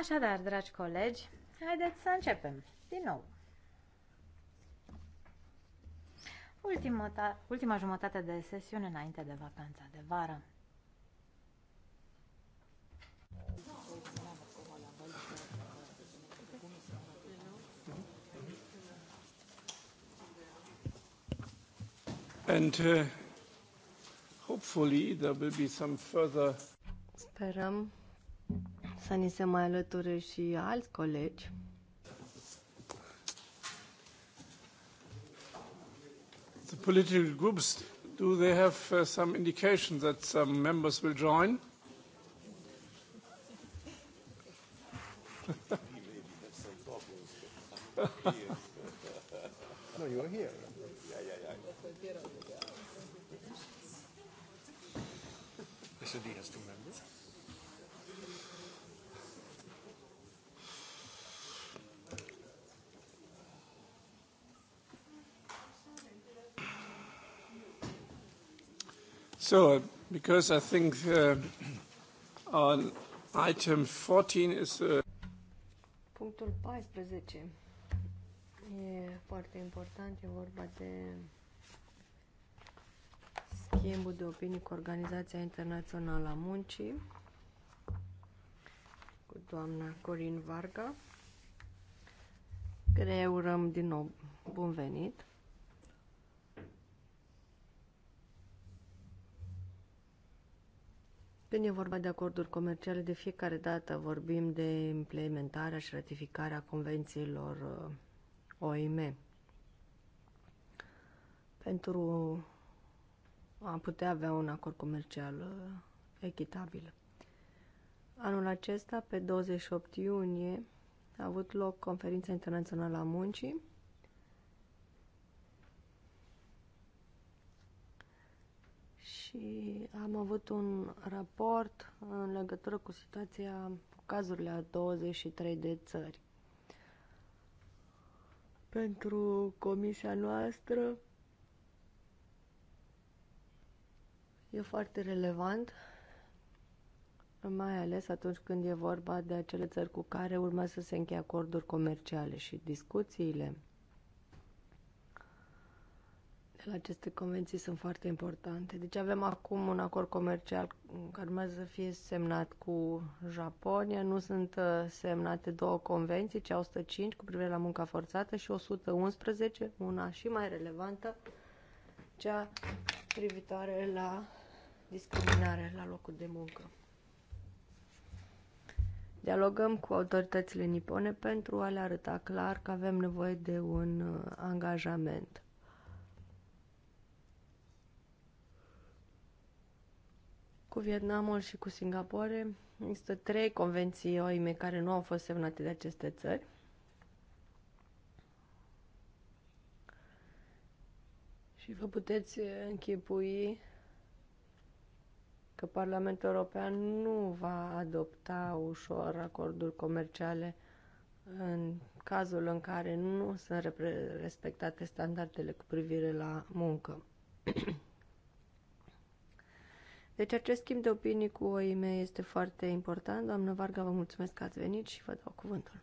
Așadar, dragi colegi, haideți să începem din nou. Ultima, ultima jumătate de sesiune înainte de vacanța de vară. And uh, hopefully there will be some further Sperăm să ni se mai alăture și alți colegi. The political groups, do they have uh, some indication that some members will join? no, you are here. Yeah, yeah, yeah. has So, because I think uh, on item 14 is... Uh... Punctul 14 e foarte important, e vorba de schimbul de opinii cu Organizația Internațională a Muncii, cu doamna Corin Varga, care urăm din nou bun venit. Când e vorba de acorduri comerciale, de fiecare dată vorbim de implementarea și ratificarea convențiilor uh, OIM. Pentru a putea avea un acord comercial uh, echitabil. Anul acesta, pe 28 iunie, a avut loc conferința internațională a muncii și am avut un raport în legătură cu situația cu cazurile a 23 de țări. Pentru comisia noastră e foarte relevant, mai ales atunci când e vorba de acele țări cu care urmează să se încheie acorduri comerciale și discuțiile aceste convenții sunt foarte importante. Deci avem acum un acord comercial care urmează să fie semnat cu Japonia. Nu sunt uh, semnate două convenții, ci 105 cu privire la munca forțată și 111, una și mai relevantă, cea privitoare la discriminare la locul de muncă. Dialogăm cu autoritățile nipone pentru a le arăta clar că avem nevoie de un uh, angajament cu Vietnamul și cu Singapore. Există trei convenții OIME care nu au fost semnate de aceste țări. Și vă puteți închipui că Parlamentul European nu va adopta ușor acorduri comerciale în cazul în care nu sunt respectate standardele cu privire la muncă. Deci acest schimb de opinii cu OIM este foarte important. Doamnă Varga, vă mulțumesc că ați venit și vă dau cuvântul.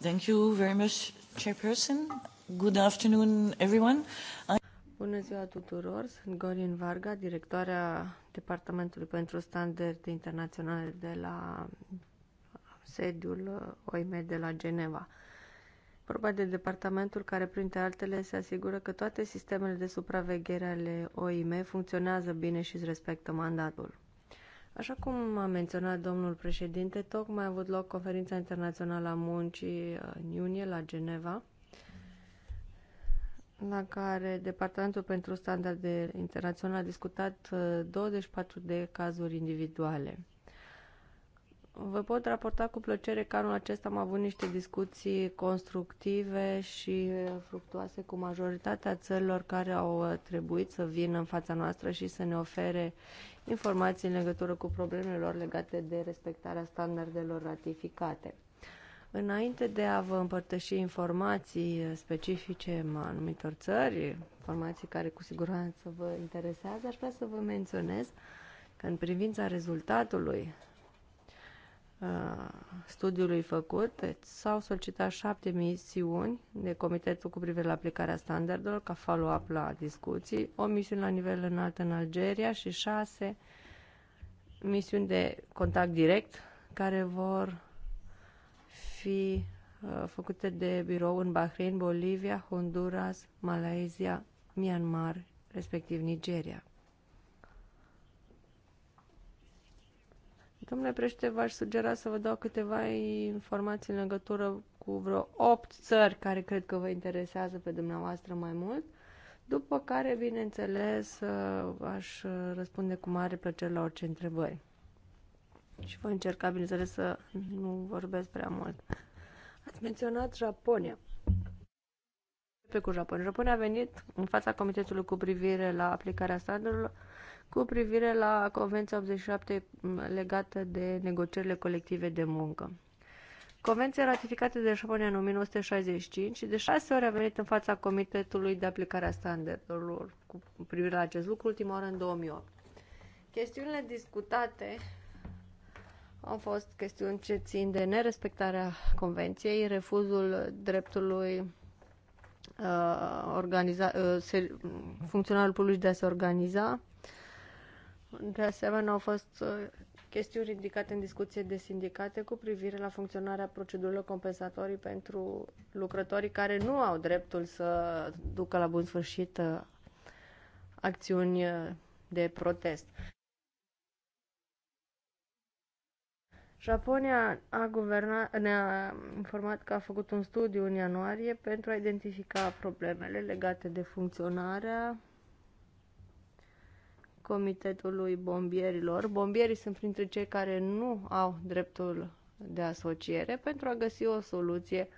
Thank you very much, Chairperson. Good afternoon, everyone. I... Bună ziua tuturor, sunt Gorin Varga, directoarea Departamentului pentru Standarde Internaționale de la sediul OIM de la Geneva. Vorba de departamentul care, printre altele, se asigură că toate sistemele de supraveghere ale OIM funcționează bine și își respectă mandatul. Așa cum a menționat domnul președinte, tocmai a avut loc conferința internațională a muncii în iunie la Geneva, la care Departamentul pentru Standarde Internaționale a discutat 24 uh, de cazuri individuale. Vă pot raporta cu plăcere că anul acesta am avut niște discuții constructive și fructuoase cu majoritatea țărilor care au trebuit să vină în fața noastră și să ne ofere informații în legătură cu problemele lor legate de respectarea standardelor ratificate. Înainte de a vă împărtăși informații specifice anumitor țări, informații care cu siguranță vă interesează, aș vrea să vă menționez că în privința rezultatului studiului făcut, s-au solicitat șapte misiuni de comitetul cu privire la aplicarea standardelor ca follow-up la discuții, o misiune la nivel înalt în Algeria și șase misiuni de contact direct care vor fi uh, făcute de birou în Bahrain, Bolivia, Honduras, Malaysia, Myanmar, respectiv Nigeria. Domnule prește, v-aș sugera să vă dau câteva informații în legătură cu vreo 8 țări care cred că vă interesează pe dumneavoastră mai mult, după care, bineînțeles, aș răspunde cu mare plăcere la orice întrebări. Și voi încerca, bineînțeles, să nu vorbesc prea mult. Ați menționat Japonia. Pe cu Japonia. Japonia a venit în fața Comitetului cu privire la aplicarea standardelor cu privire la Convenția 87 mm, legată de negocierile colective de muncă. Convenția ratificată de Japonia în 1965 și de șase ori a venit în fața Comitetului de aplicare a standardelor cu privire la acest lucru, ultima oară în 2008. Chestiunile discutate au fost chestiuni ce țin de nerespectarea convenției, refuzul dreptului uh, organiza, uh, funcționarul public de a se organiza, de asemenea, au fost uh, chestiuni ridicate în discuție de sindicate cu privire la funcționarea procedurilor compensatorii pentru lucrătorii care nu au dreptul să ducă la bun sfârșit uh, acțiuni uh, de protest. Japonia a guvernat, ne-a informat că a făcut un studiu în ianuarie pentru a identifica problemele legate de funcționarea Comitetului Bombierilor. Bombierii sunt printre cei care nu au dreptul de asociere pentru a găsi o soluție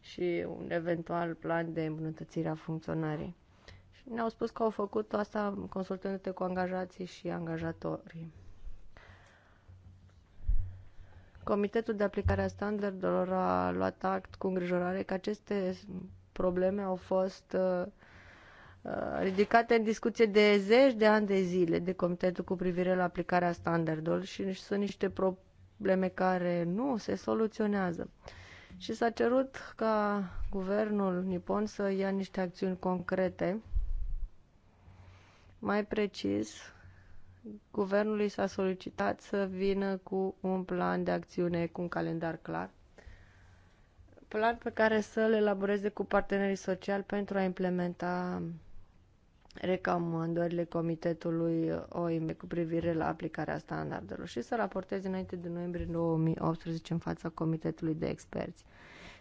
și un eventual plan de îmbunătățire a funcționării. Și ne-au spus că au făcut asta consultându-te cu angajații și angajatorii. Comitetul de aplicare a standardelor a luat act cu îngrijorare că aceste probleme au fost uh, Uh, ridicate în discuție de zeci de ani de zile de comitetul cu privire la aplicarea standardelor și sunt niște probleme care nu se soluționează. Și s-a cerut ca guvernul nipon să ia niște acțiuni concrete. Mai precis, guvernului s-a solicitat să vină cu un plan de acțiune, cu un calendar clar plan pe care să-l elaboreze cu partenerii sociali pentru a implementa recomandările Comitetului OIM cu privire la aplicarea standardelor și să raporteze înainte de noiembrie 2018 în fața Comitetului de Experți.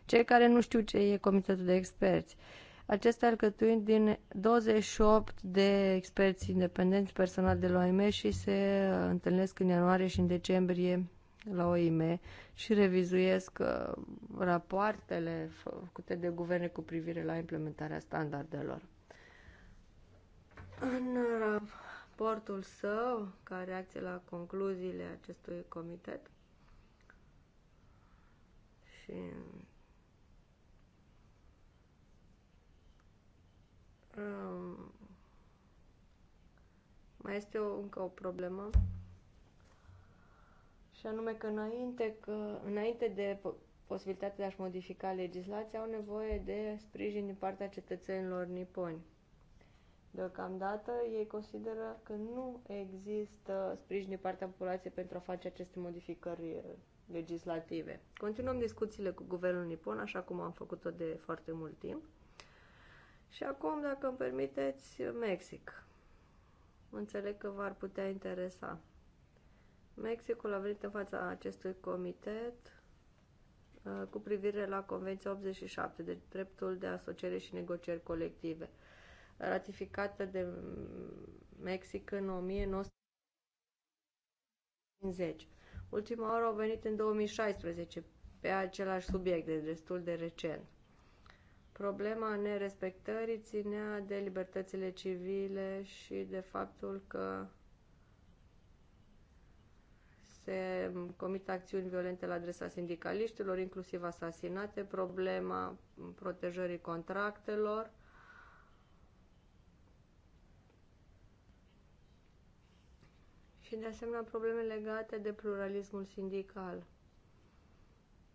Cei care nu știu ce e Comitetul de Experți, acesta alcătuind din 28 de experți independenți personal de la OIM și se întâlnesc în ianuarie și în decembrie la OIM și revizuiesc uh, rapoartele făcute de guverne cu privire la implementarea standardelor. În raportul său, ca reacție la concluziile acestui comitet și um, mai este o, încă o problemă și anume că înainte, că, înainte de posibilitatea de a-și modifica legislația au nevoie de sprijin din partea cetățenilor niponi. Deocamdată ei consideră că nu există sprijin din partea populației pentru a face aceste modificări eh, legislative. Continuăm discuțiile cu guvernul nipon, așa cum am făcut-o de foarte mult timp. Și acum, dacă îmi permiteți, Mexic. Înțeleg că v-ar putea interesa. Mexicul a venit în fața acestui comitet eh, cu privire la Convenția 87, de dreptul de asociere și negocieri colective – ratificată de Mexic în 1950. Ultima oară au venit în 2016 pe același subiect, de destul de recent. Problema nerespectării ținea de libertățile civile și de faptul că se comit acțiuni violente la adresa sindicaliștilor, inclusiv asasinate, problema protejării contractelor, și de asemenea probleme legate de pluralismul sindical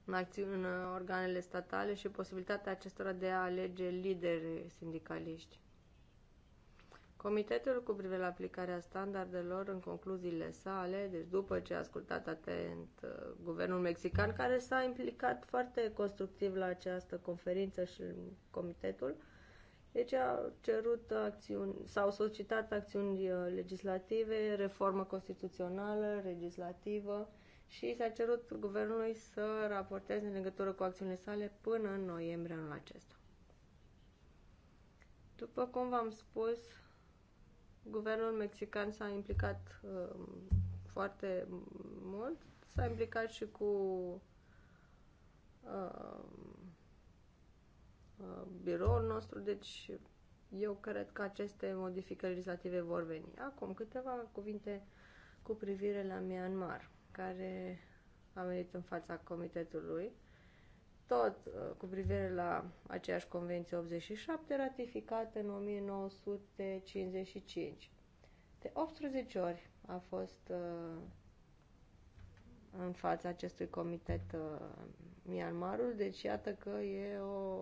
în, acțiune, în organele statale și posibilitatea acestora de a alege lideri sindicaliști. Comitetul cu privire la aplicarea standardelor în concluziile sale, deci după ce a ascultat atent uh, guvernul mexican, care s-a implicat foarte constructiv la această conferință și comitetul, uh, deci a cerut acțiuni, s-au solicitat acțiuni uh, legislative, reformă constituțională, legislativă și s-a cerut guvernului să raporteze în legătură cu acțiunile sale până în noiembrie anul acesta. După cum v-am spus, guvernul mexican s-a implicat uh, foarte mult, s-a implicat și cu uh, Uh, biroul nostru, deci eu cred că aceste modificări legislative vor veni. Acum, câteva cuvinte cu privire la Myanmar, care a venit în fața comitetului, tot uh, cu privire la aceeași convenție 87, ratificată în 1955. De 18 ori a fost uh, în fața acestui comitet uh, Myanmarul. Deci iată că e o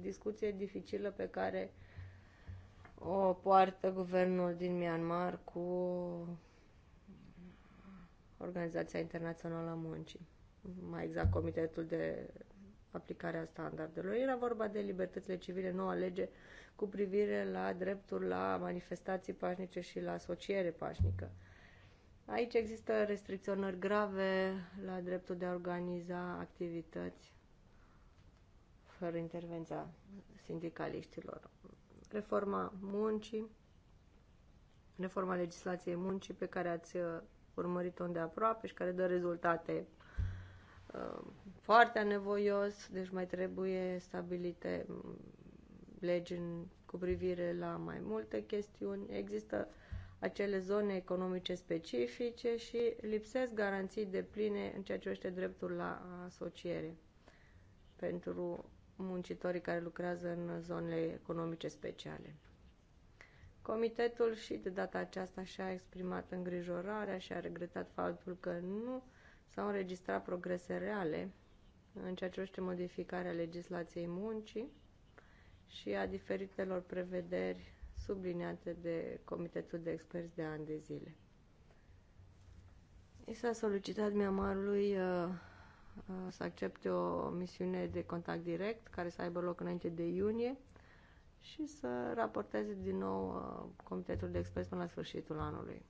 discuție dificilă pe care o poartă guvernul din Myanmar cu Organizația Internațională a Muncii, mai exact Comitetul de Aplicare a Standardelor. Era vorba de libertățile civile, noua lege cu privire la dreptul la manifestații pașnice și la asociere pașnică. Aici există restricționări grave la dreptul de a organiza activități fără intervenția sindicaliștilor. Reforma muncii, reforma legislației muncii pe care ați uh, urmărit-o de aproape și care dă rezultate uh, foarte anevoios, deci mai trebuie stabilite mm, legi cu privire la mai multe chestiuni. Există acele zone economice specifice și lipsesc garanții de pline în ceea ce este dreptul la asociere pentru muncitorii care lucrează în zonele economice speciale. Comitetul și de data aceasta și-a exprimat îngrijorarea și a regretat faptul că nu s-au înregistrat progrese reale în ceea ce este modificarea legislației muncii și a diferitelor prevederi subliniate de Comitetul de Experți de ani de zile. I s-a solicitat Myanmarului uh, uh, să accepte o misiune de contact direct care să aibă loc înainte de iunie și să raporteze din nou uh, Comitetul de Experți până la sfârșitul anului.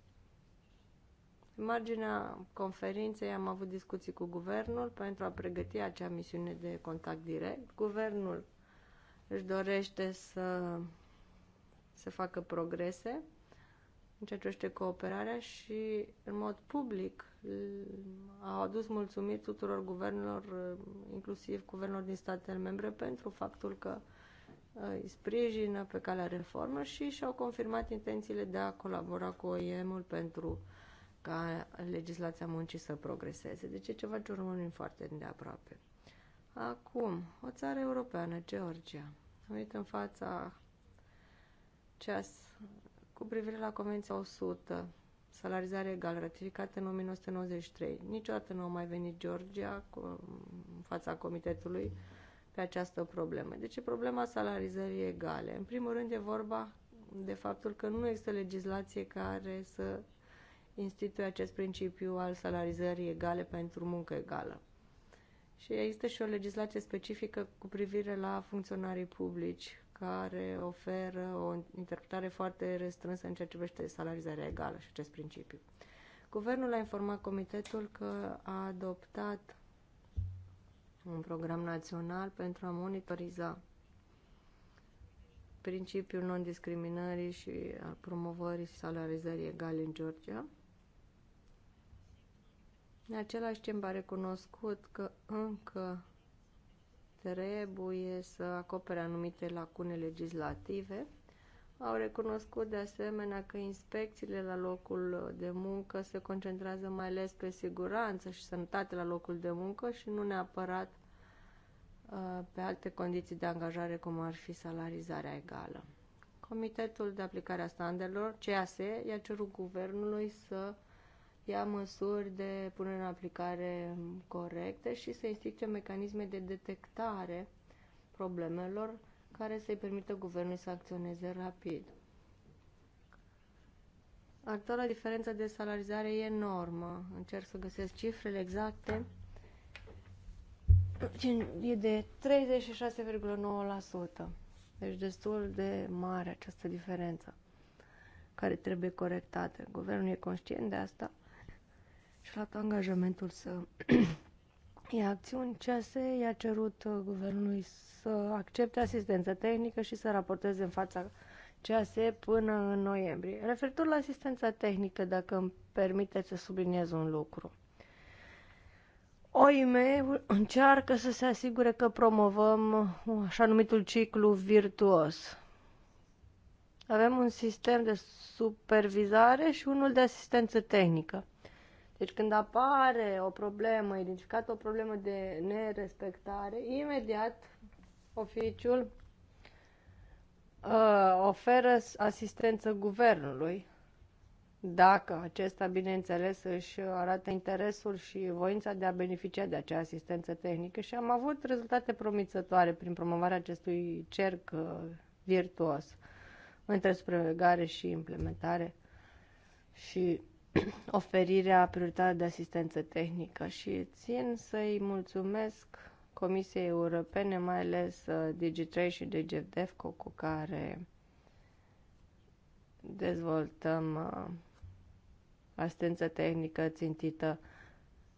În marginea conferinței am avut discuții cu guvernul pentru a pregăti acea misiune de contact direct. Guvernul își dorește să să facă progrese în ceea ce este cooperarea și, în mod public, au adus mulțumiri tuturor guvernelor, inclusiv guvernelor din statele membre, pentru faptul că uh, îi sprijină pe calea reformă și și-au confirmat intențiile de a colabora cu OIM-ul pentru ca legislația muncii să progreseze. Deci e ceva ce urmărim foarte îndeaproape. Acum, o țară europeană, Georgia, a în fața CEAS cu privire la Convenția 100, salarizare egală, ratificată în 1993. Niciodată nu a mai venit Georgia cu, în fața comitetului pe această problemă. Deci e problema salarizării egale. În primul rând e vorba de faptul că nu există legislație care să instituie acest principiu al salarizării egale pentru muncă egală. Și există și o legislație specifică cu privire la funcționarii publici care oferă o interpretare foarte restrânsă în ceea ce privește salarizarea egală și acest principiu. Guvernul a informat comitetul că a adoptat un program național pentru a monitoriza principiul non-discriminării și al promovării salarizării egale în Georgia. În același timp a recunoscut că încă trebuie să acopere anumite lacune legislative. Au recunoscut de asemenea că inspecțiile la locul de muncă se concentrează mai ales pe siguranță și sănătate la locul de muncă și nu neapărat uh, pe alte condiții de angajare, cum ar fi salarizarea egală. Comitetul de aplicare a standardelor, CAS, i-a cerut guvernului să ia măsuri de punere în aplicare corecte și să instituie mecanisme de detectare problemelor care să-i permită guvernului să acționeze rapid. Actuala diferență de salarizare e enormă. Încerc să găsesc cifrele exacte. E de 36,9%. Deci destul de mare această diferență care trebuie corectată. Guvernul e conștient de asta și-a luat angajamentul să ia acțiuni. CSE i-a cerut uh, guvernului să accepte asistență tehnică și să raporteze în fața CSE până în noiembrie. Referitor la asistența tehnică, dacă îmi permiteți să subliniez un lucru. OIM încearcă să se asigure că promovăm uh, așa numitul ciclu virtuos. Avem un sistem de supervizare și unul de asistență tehnică. Deci când apare o problemă, identificată o problemă de nerespectare, imediat oficiul uh, oferă asistență guvernului, dacă acesta, bineînțeles, își arată interesul și voința de a beneficia de acea asistență tehnică și am avut rezultate promițătoare prin promovarea acestui cerc uh, virtuos între supravegare și implementare și oferirea prioritară de asistență tehnică și țin să-i mulțumesc Comisiei Europene, mai ales uh, Digi3 și DGDEFCO cu care dezvoltăm uh, asistență tehnică țintită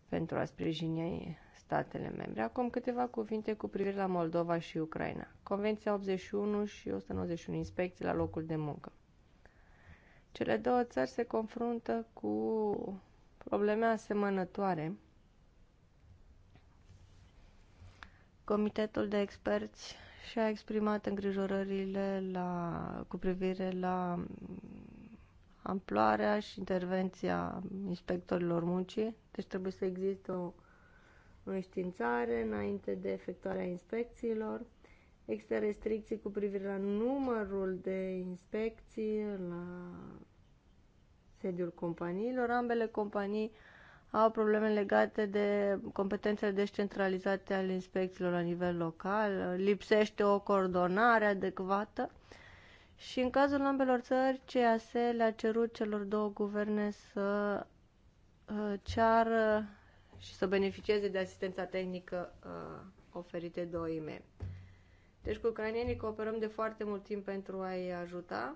pentru a sprijini statele membre. Acum câteva cuvinte cu privire la Moldova și Ucraina. Convenția 81 și 191 inspecții la locul de muncă. Cele două țări se confruntă cu probleme asemănătoare. Comitetul de experți și-a exprimat îngrijorările la, cu privire la amploarea și intervenția inspectorilor muncii, deci trebuie să existe o înștiințare înainte de efectuarea inspecțiilor. Există restricții cu privire la numărul de inspecții la sediul companiilor. Ambele companii au probleme legate de competențele descentralizate ale inspecțiilor la nivel local, lipsește o coordonare adecvată și în cazul ambelor țări CAS le-a cerut celor două guverne să uh, ceară și să beneficieze de asistența tehnică uh, oferită de OIM. Deci cu ucranienii cooperăm de foarte mult timp pentru a-i ajuta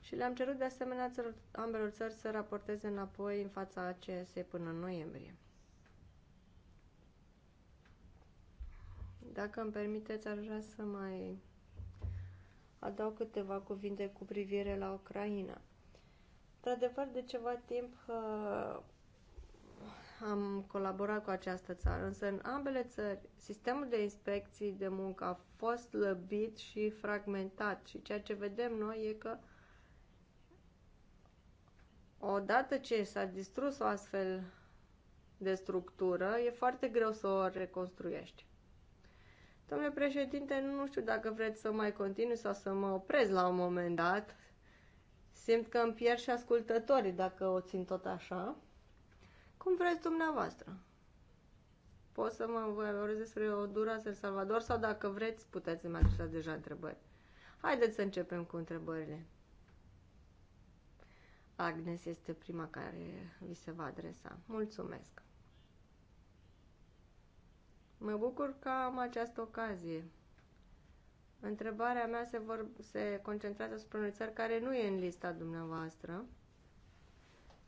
și le-am cerut de asemenea țăr- ambelor țări să raporteze înapoi în fața ACS până în noiembrie. Dacă îmi permiteți, aș vrea să mai adaug câteva cuvinte cu privire la Ucraina. Într-adevăr, de ceva timp uh, am colaborat cu această țară, însă în ambele țări sistemul de inspecții de muncă a fost slăbit și fragmentat și ceea ce vedem noi e că odată ce s-a distrus o astfel de structură, e foarte greu să o reconstruiești. Domnule președinte, nu știu dacă vreți să mai continui sau să mă oprez la un moment dat. Simt că îmi pierd și ascultătorii dacă o țin tot așa. Cum vreți dumneavoastră. Pot să mă vorbesc despre Honduras, El Salvador sau dacă vreți, puteți să-mi adresați deja întrebări. Haideți să începem cu întrebările. Agnes este prima care vi se va adresa. Mulțumesc! Mă bucur că am această ocazie. Întrebarea mea se, vor, se concentrează asupra unei țări care nu e în lista dumneavoastră,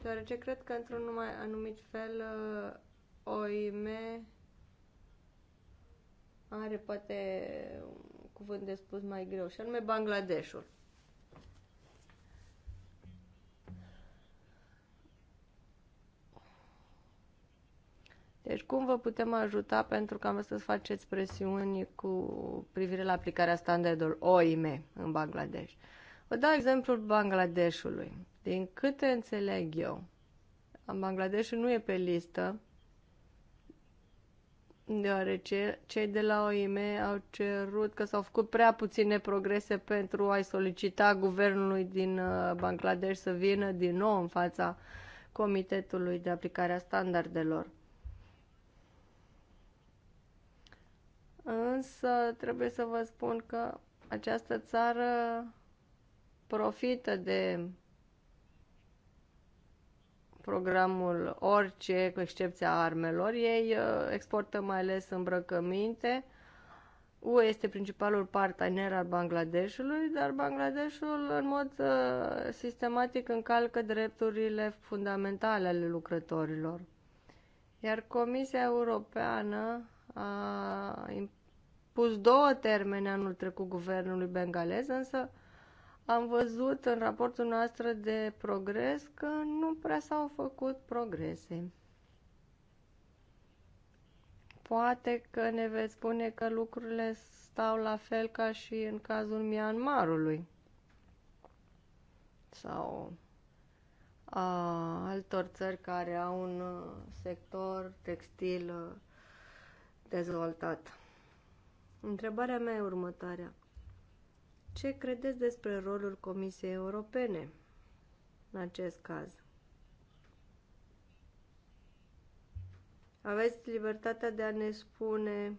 deoarece cred că într-un anumit fel uh, OIM are poate un cuvânt de spus mai greu, și anume Bangladeshul. Deci cum vă putem ajuta pentru că am să faceți presiuni cu privire la aplicarea standardelor OIM în Bangladesh? Vă dau exemplul Bangladeshului. Din câte înțeleg eu, Bangladesh nu e pe listă, deoarece cei de la OIM au cerut că s-au făcut prea puține progrese pentru a-i solicita guvernului din uh, Bangladesh să vină din nou în fața Comitetului de Aplicare a Standardelor. Însă trebuie să vă spun că această țară profită de programul orice, cu excepția armelor. Ei uh, exportă mai ales îmbrăcăminte. UE este principalul partener al Bangladeshului, dar Bangladeshul în mod uh, sistematic încalcă drepturile fundamentale ale lucrătorilor. Iar Comisia Europeană a impus două termene anul trecut guvernului bengalez, însă uh, am văzut în raportul noastră de progres că nu prea s-au făcut progrese. Poate că ne veți spune că lucrurile stau la fel ca și în cazul Myanmarului sau a altor țări care au un uh, sector textil uh, dezvoltat. Întrebarea mea e următoarea. Ce credeți despre rolul Comisiei Europene în acest caz? Aveți libertatea de a ne spune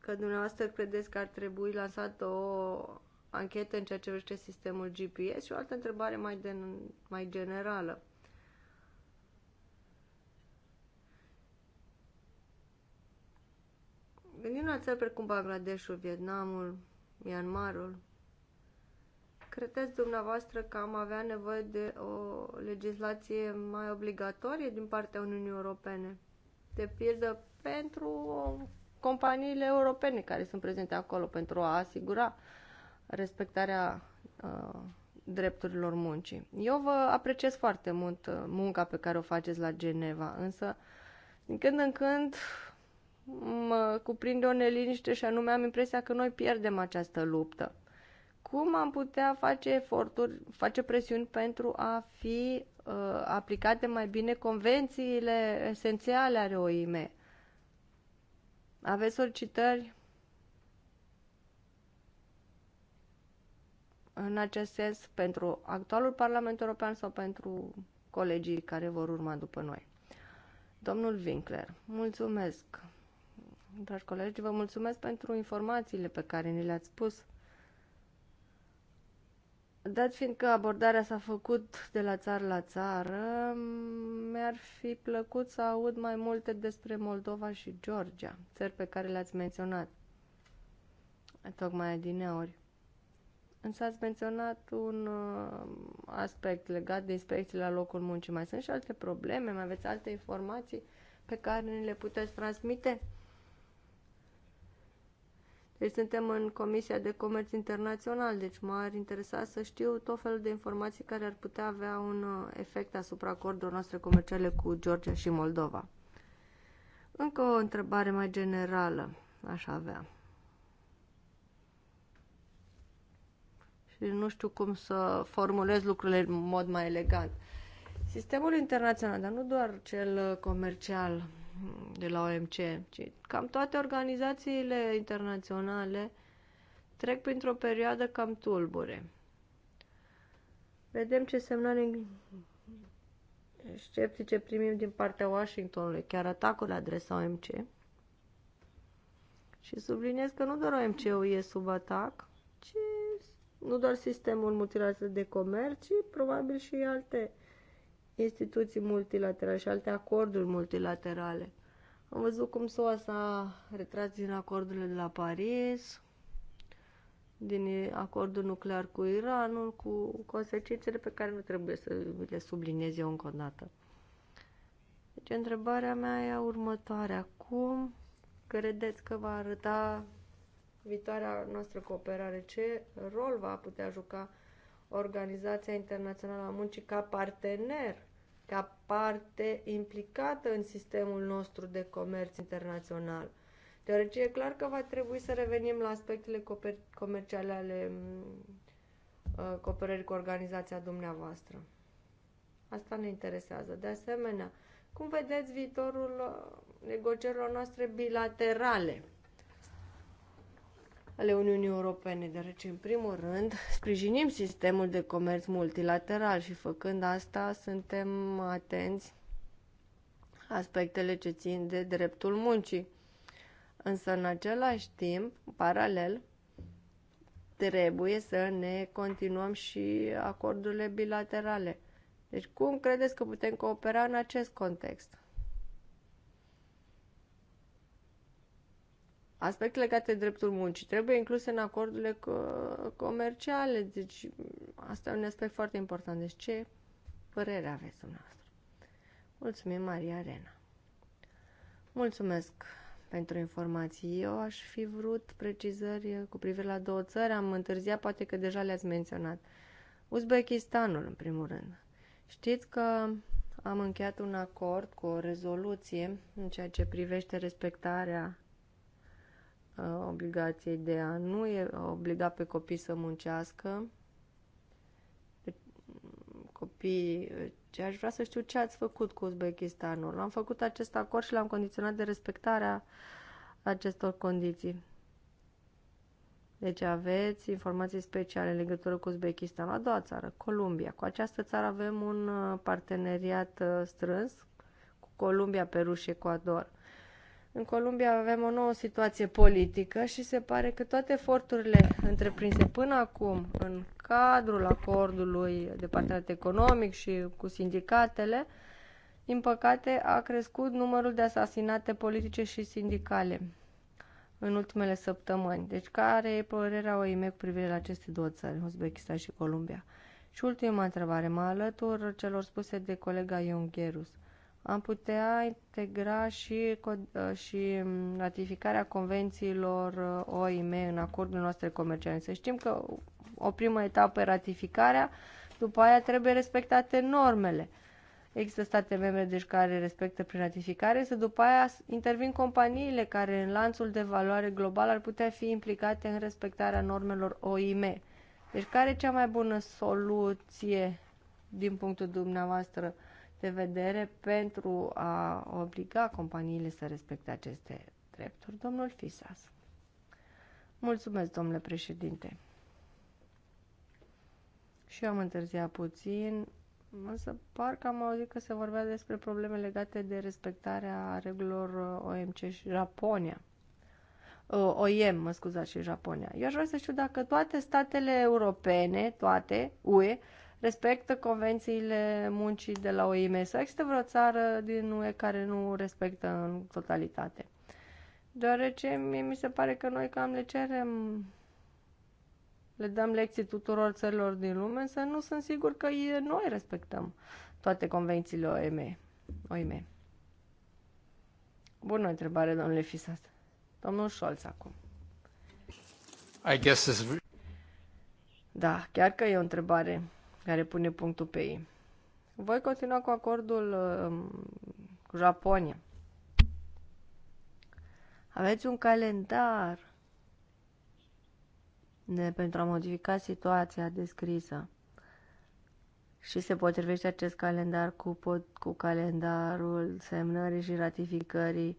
că dumneavoastră credeți că ar trebui lansată o anchetă în ceea ce privește sistemul GPS și o altă întrebare mai, de, mai generală. Gândind la țări precum Bangladeshul, Vietnamul, Myanmarul, credeți dumneavoastră că am avea nevoie de o legislație mai obligatorie din partea Uniunii Europene? De pildă pentru companiile europene care sunt prezente acolo pentru a asigura respectarea uh, drepturilor muncii. Eu vă apreciez foarte mult uh, munca pe care o faceți la Geneva, însă din când în când mă cuprinde o neliniște și anume am impresia că noi pierdem această luptă. Cum am putea face eforturi, face presiuni pentru a fi uh, aplicate mai bine convențiile esențiale ale OIM? Aveți solicitări în acest sens pentru actualul Parlament European sau pentru colegii care vor urma după noi? Domnul Winkler, mulțumesc! Dragi colegi, vă mulțumesc pentru informațiile pe care ni le-ați spus. Dat fiindcă abordarea s-a făcut de la țară la țară, mi-ar fi plăcut să aud mai multe despre Moldova și Georgia, țări pe care le-ați menționat tocmai adineori. Însă ați menționat un uh, aspect legat de inspecții la locul muncii. Mai sunt și alte probleme? Mai aveți alte informații pe care ni le puteți transmite? Deci suntem în Comisia de Comerț Internațional, deci m-ar interesa să știu tot felul de informații care ar putea avea un uh, efect asupra acordurilor noastre comerciale cu Georgia și Moldova. Încă o întrebare mai generală aș avea. Și nu știu cum să formulez lucrurile în mod mai elegant. Sistemul internațional, dar nu doar cel comercial, de la OMC, ci cam toate organizațiile internaționale trec printr-o perioadă cam tulbure. Vedem ce semnale sceptice primim din partea Washingtonului, chiar atacul la adresa OMC. Și subliniez că nu doar OMC-ul e sub atac, ci nu doar sistemul multilateral de comerț, ci probabil și alte instituții multilaterale și alte acorduri multilaterale. Am văzut cum SUA s-a retras din acordurile de la Paris, din acordul nuclear cu Iranul, cu consecințele pe care nu trebuie să le subliniez eu încă o dată. Deci întrebarea mea e următoarea. Cum credeți că va arăta viitoarea noastră cooperare? Ce rol va putea juca Organizația Internațională a Muncii ca partener, ca parte implicată în sistemul nostru de comerț internațional. Deoarece e clar că va trebui să revenim la aspectele comerciale ale mm, uh, cooperării cu organizația dumneavoastră. Asta ne interesează. De asemenea, cum vedeți viitorul uh, negocierilor noastre bilaterale? ale Uniunii Europene, deoarece, în primul rând, sprijinim sistemul de comerț multilateral și, făcând asta, suntem atenți aspectele ce țin de dreptul muncii. Însă, în același timp, paralel, trebuie să ne continuăm și acordurile bilaterale. Deci, cum credeți că putem coopera în acest context? aspecte legate de dreptul muncii trebuie incluse în acordurile comerciale. Deci asta e un aspect foarte important. Deci ce părere aveți dumneavoastră? Mulțumim, Maria Arena. Mulțumesc pentru informații. Eu aș fi vrut precizări cu privire la două țări. Am întârziat, poate că deja le-ați menționat. Uzbekistanul, în primul rând. Știți că am încheiat un acord cu o rezoluție în ceea ce privește respectarea Uh, obligației de a nu uh, obliga pe copii să muncească. Mm, copii, ce uh, aș vrea să știu ce ați făcut cu Uzbekistanul. Am făcut acest acord și l-am condiționat de respectarea acestor condiții. Deci aveți informații speciale în legătură cu Uzbekistanul, a doua țară, Columbia. Cu această țară avem un parteneriat strâns cu Columbia, Peru și Ecuador. În Columbia avem o nouă situație politică și se pare că toate eforturile întreprinse până acum în cadrul acordului de parteneriat economic și cu sindicatele, din păcate, a crescut numărul de asasinate politice și sindicale în ultimele săptămâni. Deci, care e părerea OIM cu privire la aceste două țări, Uzbekistan și Columbia? Și ultima întrebare, mă alătur celor spuse de colega Iungherus am putea integra și, uh, și mm, ratificarea convențiilor uh, OIM în acordul noastre comerciale. Să știm că o primă etapă e ratificarea, după aia trebuie respectate normele. Există state membre deci care respectă prin ratificare, să după aia intervin companiile care în lanțul de valoare global ar putea fi implicate în respectarea normelor OIM. Deci care e cea mai bună soluție din punctul dumneavoastră de vedere pentru a obliga companiile să respecte aceste drepturi. Domnul Fisas. Mulțumesc, domnule președinte. Și eu am întârziat puțin, însă parcă am auzit că se vorbea despre probleme legate de respectarea regulilor uh, OMC și Japonia. Uh, OIM, mă scuzați, și Japonia. Eu aș vrea să știu dacă toate statele europene, toate, UE, respectă convențiile muncii de la OIM. Sau există vreo țară din UE care nu respectă în totalitate? Deoarece mie mi se pare că noi cam le cerem, le dăm lecții tuturor țărilor din lume, însă nu sunt sigur că noi respectăm toate convențiile OIM. OIM. Bună întrebare, domnule Fisat. Domnul Scholz acum. I guess this... Da, chiar că e o întrebare care pune punctul pe ei. Voi continua cu acordul uh, cu Japonia. Aveți un calendar de, pentru a modifica situația descrisă. Și se potrivește acest calendar cu, pot, cu calendarul semnării și ratificării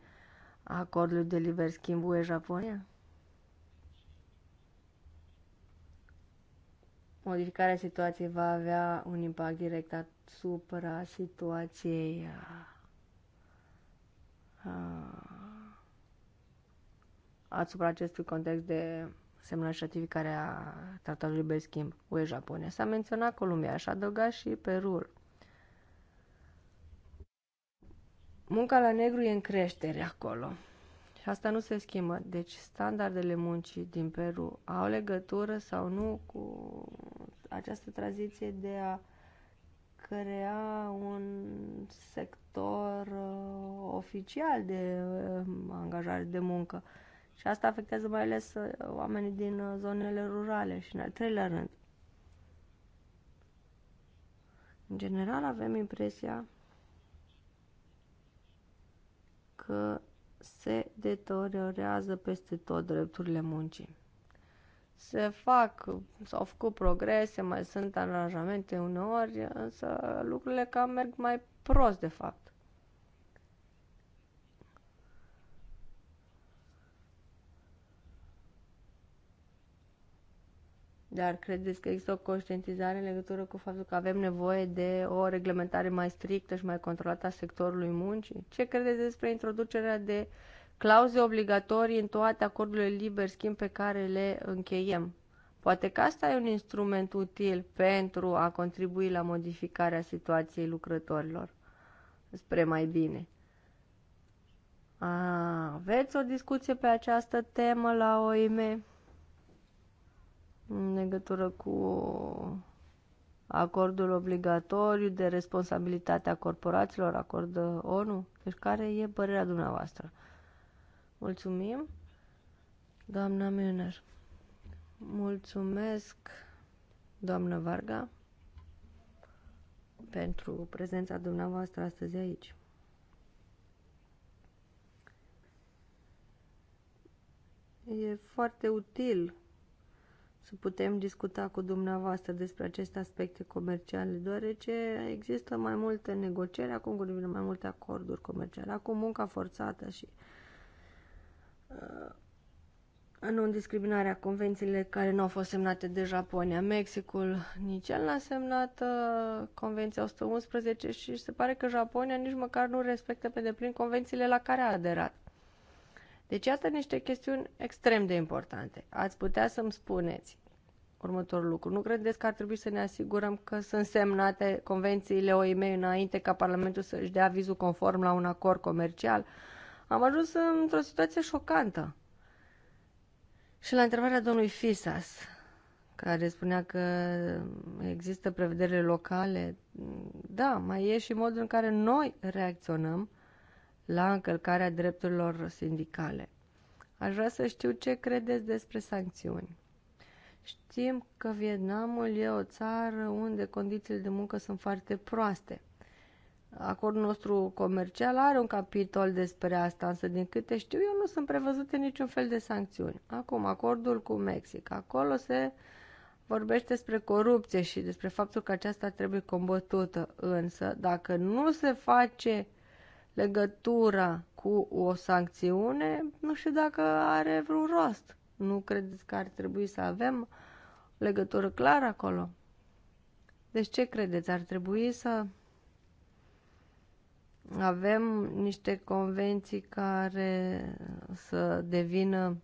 acordului de liber schimb UE-Japonia? modificarea situației va avea un impact direct asupra situației uh, uh, asupra acestui context de semnă și a tratatului de schimb UE-Japonia. S-a menționat Columbia și a adăugat și Perul. Munca la negru e în creștere acolo asta nu se schimbă. Deci standardele muncii din Peru au legătură sau nu cu această tranziție de a crea un sector uh, oficial de uh, angajare de muncă. Și asta afectează mai ales uh, oamenii din uh, zonele rurale și în al treilea rând. În general avem impresia că se deteriorează peste tot drepturile muncii. Se fac, s-au făcut progrese, mai sunt aranjamente uneori, însă lucrurile cam merg mai prost de fapt. Dar credeți că există o conștientizare în legătură cu faptul că avem nevoie de o reglementare mai strictă și mai controlată a sectorului muncii? Ce credeți despre introducerea de clauze obligatorii în toate acordurile liber schimb pe care le încheiem? Poate că asta e un instrument util pentru a contribui la modificarea situației lucrătorilor spre mai bine. A, aveți o discuție pe această temă la OIM? în legătură cu acordul obligatoriu de responsabilitate a corporațiilor, acord ONU? Deci care e părerea dumneavoastră? Mulțumim, doamna Müner. Mulțumesc, doamnă Varga, pentru prezența dumneavoastră astăzi aici. E foarte util să putem discuta cu dumneavoastră despre aceste aspecte comerciale, deoarece există mai multe negocieri acum cu mai multe acorduri comerciale, acum munca forțată și uh, non-discriminarea convențiile care nu au fost semnate de Japonia, Mexicul, nici el n-a semnat uh, Convenția 111 și se pare că Japonia nici măcar nu respectă pe deplin convențiile la care a aderat. Deci, iată niște chestiuni extrem de importante. Ați putea să-mi spuneți următorul lucru. Nu credeți că ar trebui să ne asigurăm că sunt semnate convențiile OIM înainte ca Parlamentul să-și dea vizul conform la un acord comercial? Am ajuns într-o situație șocantă. Și la întrebarea domnului Fisas, care spunea că există prevedere locale, da, mai e și modul în care noi reacționăm la încălcarea drepturilor sindicale. Aș vrea să știu ce credeți despre sancțiuni. Știm că Vietnamul e o țară unde condițiile de muncă sunt foarte proaste. Acordul nostru comercial are un capitol despre asta, însă din câte știu eu nu sunt prevăzute niciun fel de sancțiuni. Acum, acordul cu Mexic. Acolo se vorbește despre corupție și despre faptul că aceasta trebuie combătută. Însă, dacă nu se face legătura cu o sancțiune, nu știu dacă are vreun rost. Nu credeți că ar trebui să avem legătură clară acolo? Deci ce credeți? Ar trebui să avem niște convenții care să devină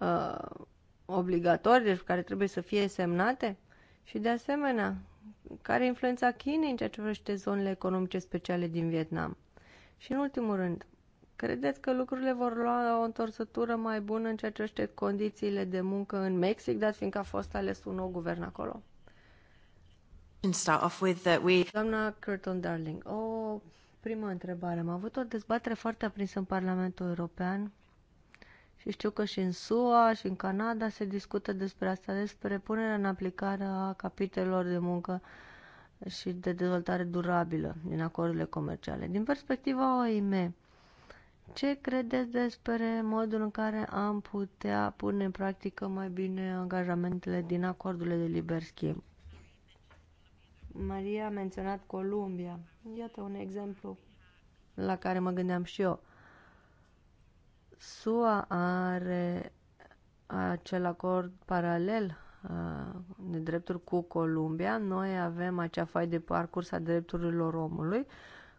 uh, obligatorii, deci care trebuie să fie semnate? Și de asemenea, care influența Chinei în ceea ce vrește zonele economice speciale din Vietnam? Și în ultimul rând, credeți că lucrurile vor lua o întorsătură mai bună în ceea ce vrește condițiile de muncă în Mexic, dat fiindcă a fost ales un nou guvern acolo? Start off with that we... Doamna Curtin Darling, o primă întrebare. Am avut o dezbatere foarte aprinsă în Parlamentul European și știu că și în SUA și în Canada se discută despre asta, despre punerea în aplicare a capitolelor de muncă și de dezvoltare durabilă din acordurile comerciale. Din perspectiva OIM, ce credeți despre modul în care am putea pune în practică mai bine angajamentele din acordurile de liber schimb? Maria a menționat Columbia. Iată un exemplu la care mă gândeam și eu. SUA are acel acord paralel uh, de drepturi cu Columbia. Noi avem acea foaie de parcurs a drepturilor omului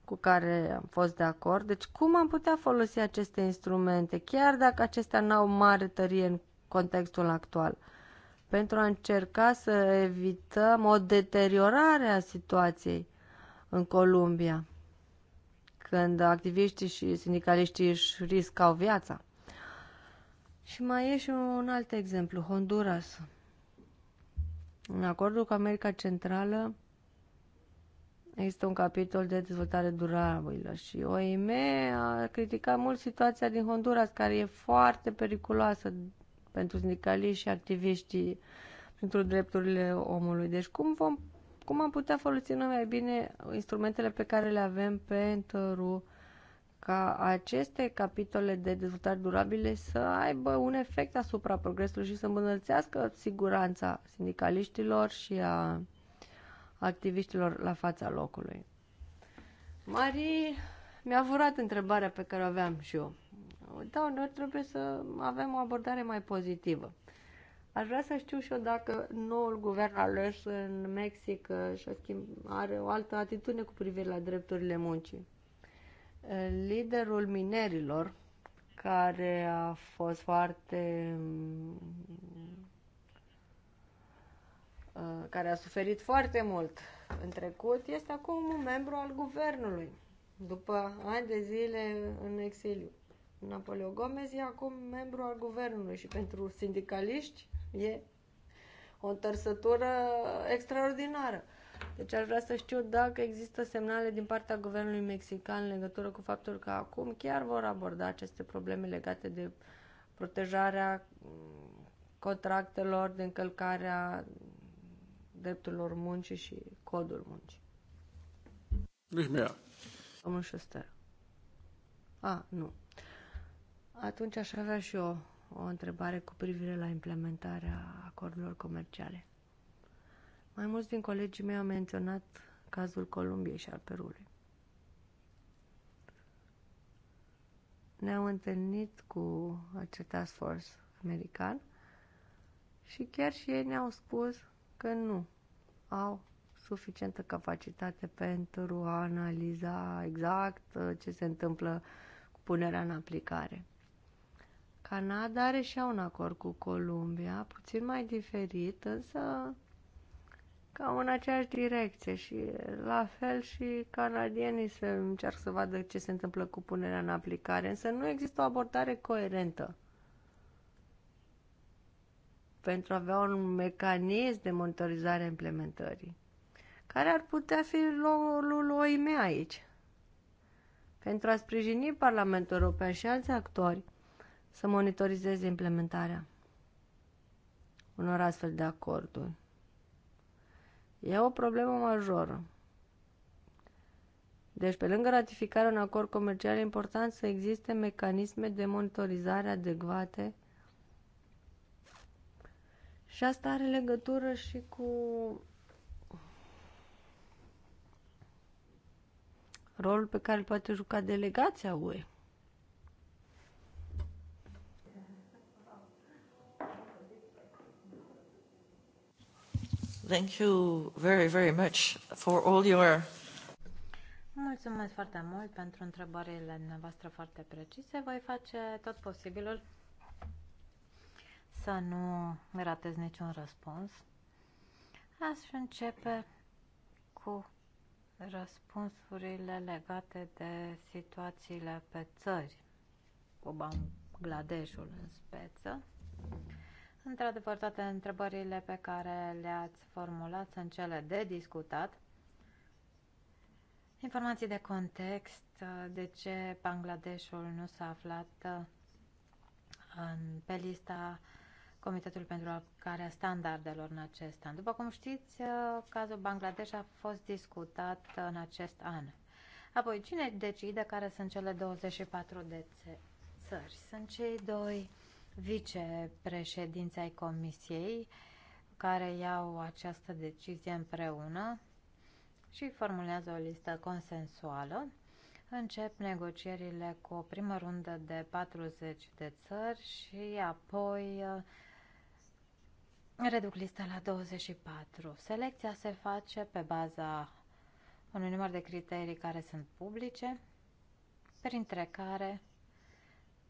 cu care am fost de acord. Deci cum am putea folosi aceste instrumente, chiar dacă acestea n-au mare tărie în contextul actual, pentru a încerca să evităm o deteriorare a situației în Columbia? când activiștii și sindicaliștii își riscau viața. Și mai e și un alt exemplu, Honduras. În acordul cu America Centrală există un capitol de dezvoltare durabilă și OIM a criticat mult situația din Honduras, care e foarte periculoasă pentru sindicaliști și activiștii pentru drepturile omului. Deci cum vom cum am putea folosi noi mai bine instrumentele pe care le avem pentru ca aceste capitole de dezvoltare durabile să aibă un efect asupra progresului și să îmbunătățească siguranța sindicaliștilor și a activiștilor la fața locului. Mari, mi-a furat întrebarea pe care o aveam și eu. Da, noi trebuie să avem o abordare mai pozitivă. Aș vrea să știu și eu dacă noul guvern ales în Mexic uh, și are o altă atitudine cu privire la drepturile muncii. Uh, liderul minerilor, care a fost foarte uh, care a suferit foarte mult în trecut, este acum un membru al guvernului, după ani de zile în exiliu. Napoleon Gomez e acum membru al guvernului și pentru sindicaliști E o întărsătură extraordinară. Deci ar vrea să știu dacă există semnale din partea guvernului mexican în legătură cu faptul că acum chiar vor aborda aceste probleme legate de protejarea mm, contractelor, de încălcarea drepturilor muncii și codul muncii. Nici mea. Domnul Șuster. A, nu. Atunci aș avea și eu o întrebare cu privire la implementarea acordurilor comerciale. Mai mulți din colegii mei au menționat cazul Columbiei și al Perului. Ne-am întâlnit cu acest task force american și chiar și ei ne-au spus că nu au suficientă capacitate pentru a analiza exact uh, ce se întâmplă cu punerea în aplicare. Canada are și un acord cu Columbia, puțin mai diferit, însă cam în aceeași direcție și la fel și canadienii se încearcă să vadă ce se întâmplă cu punerea în aplicare, însă nu există o abordare coerentă pentru a avea un mecanism de monitorizare a implementării, care ar putea fi rolul OIM aici, pentru a sprijini Parlamentul European și alți actori să monitorizeze implementarea unor astfel de acorduri. E o problemă majoră. Deci, pe lângă ratificarea unui acord comercial, e important să existe mecanisme de monitorizare adecvate și asta are legătură și cu rolul pe care îl poate juca delegația UE. Thank you very, very much for all your... Mulțumesc foarte mult pentru întrebările noastre foarte precise. Voi face tot posibilul să nu ratez niciun răspuns. Aș începe cu răspunsurile legate de situațiile pe țări, cu Bangladeshul în speță. Într-adevăr, toate întrebările pe care le-ați formulat sunt cele de discutat. Informații de context, uh, de ce Bangladeshul nu s-a aflat uh, în, pe lista Comitetului pentru aplicarea standardelor în acest an. După cum știți, uh, cazul Bangladesh a fost discutat în acest an. Apoi, cine decide care sunt cele 24 de țări? Sunt cei doi vicepreședinți ai comisiei care iau această decizie împreună și formulează o listă consensuală. Încep negocierile cu o primă rundă de 40 de țări și apoi uh, reduc lista la 24. Selecția se face pe baza unui număr de criterii care sunt publice, printre care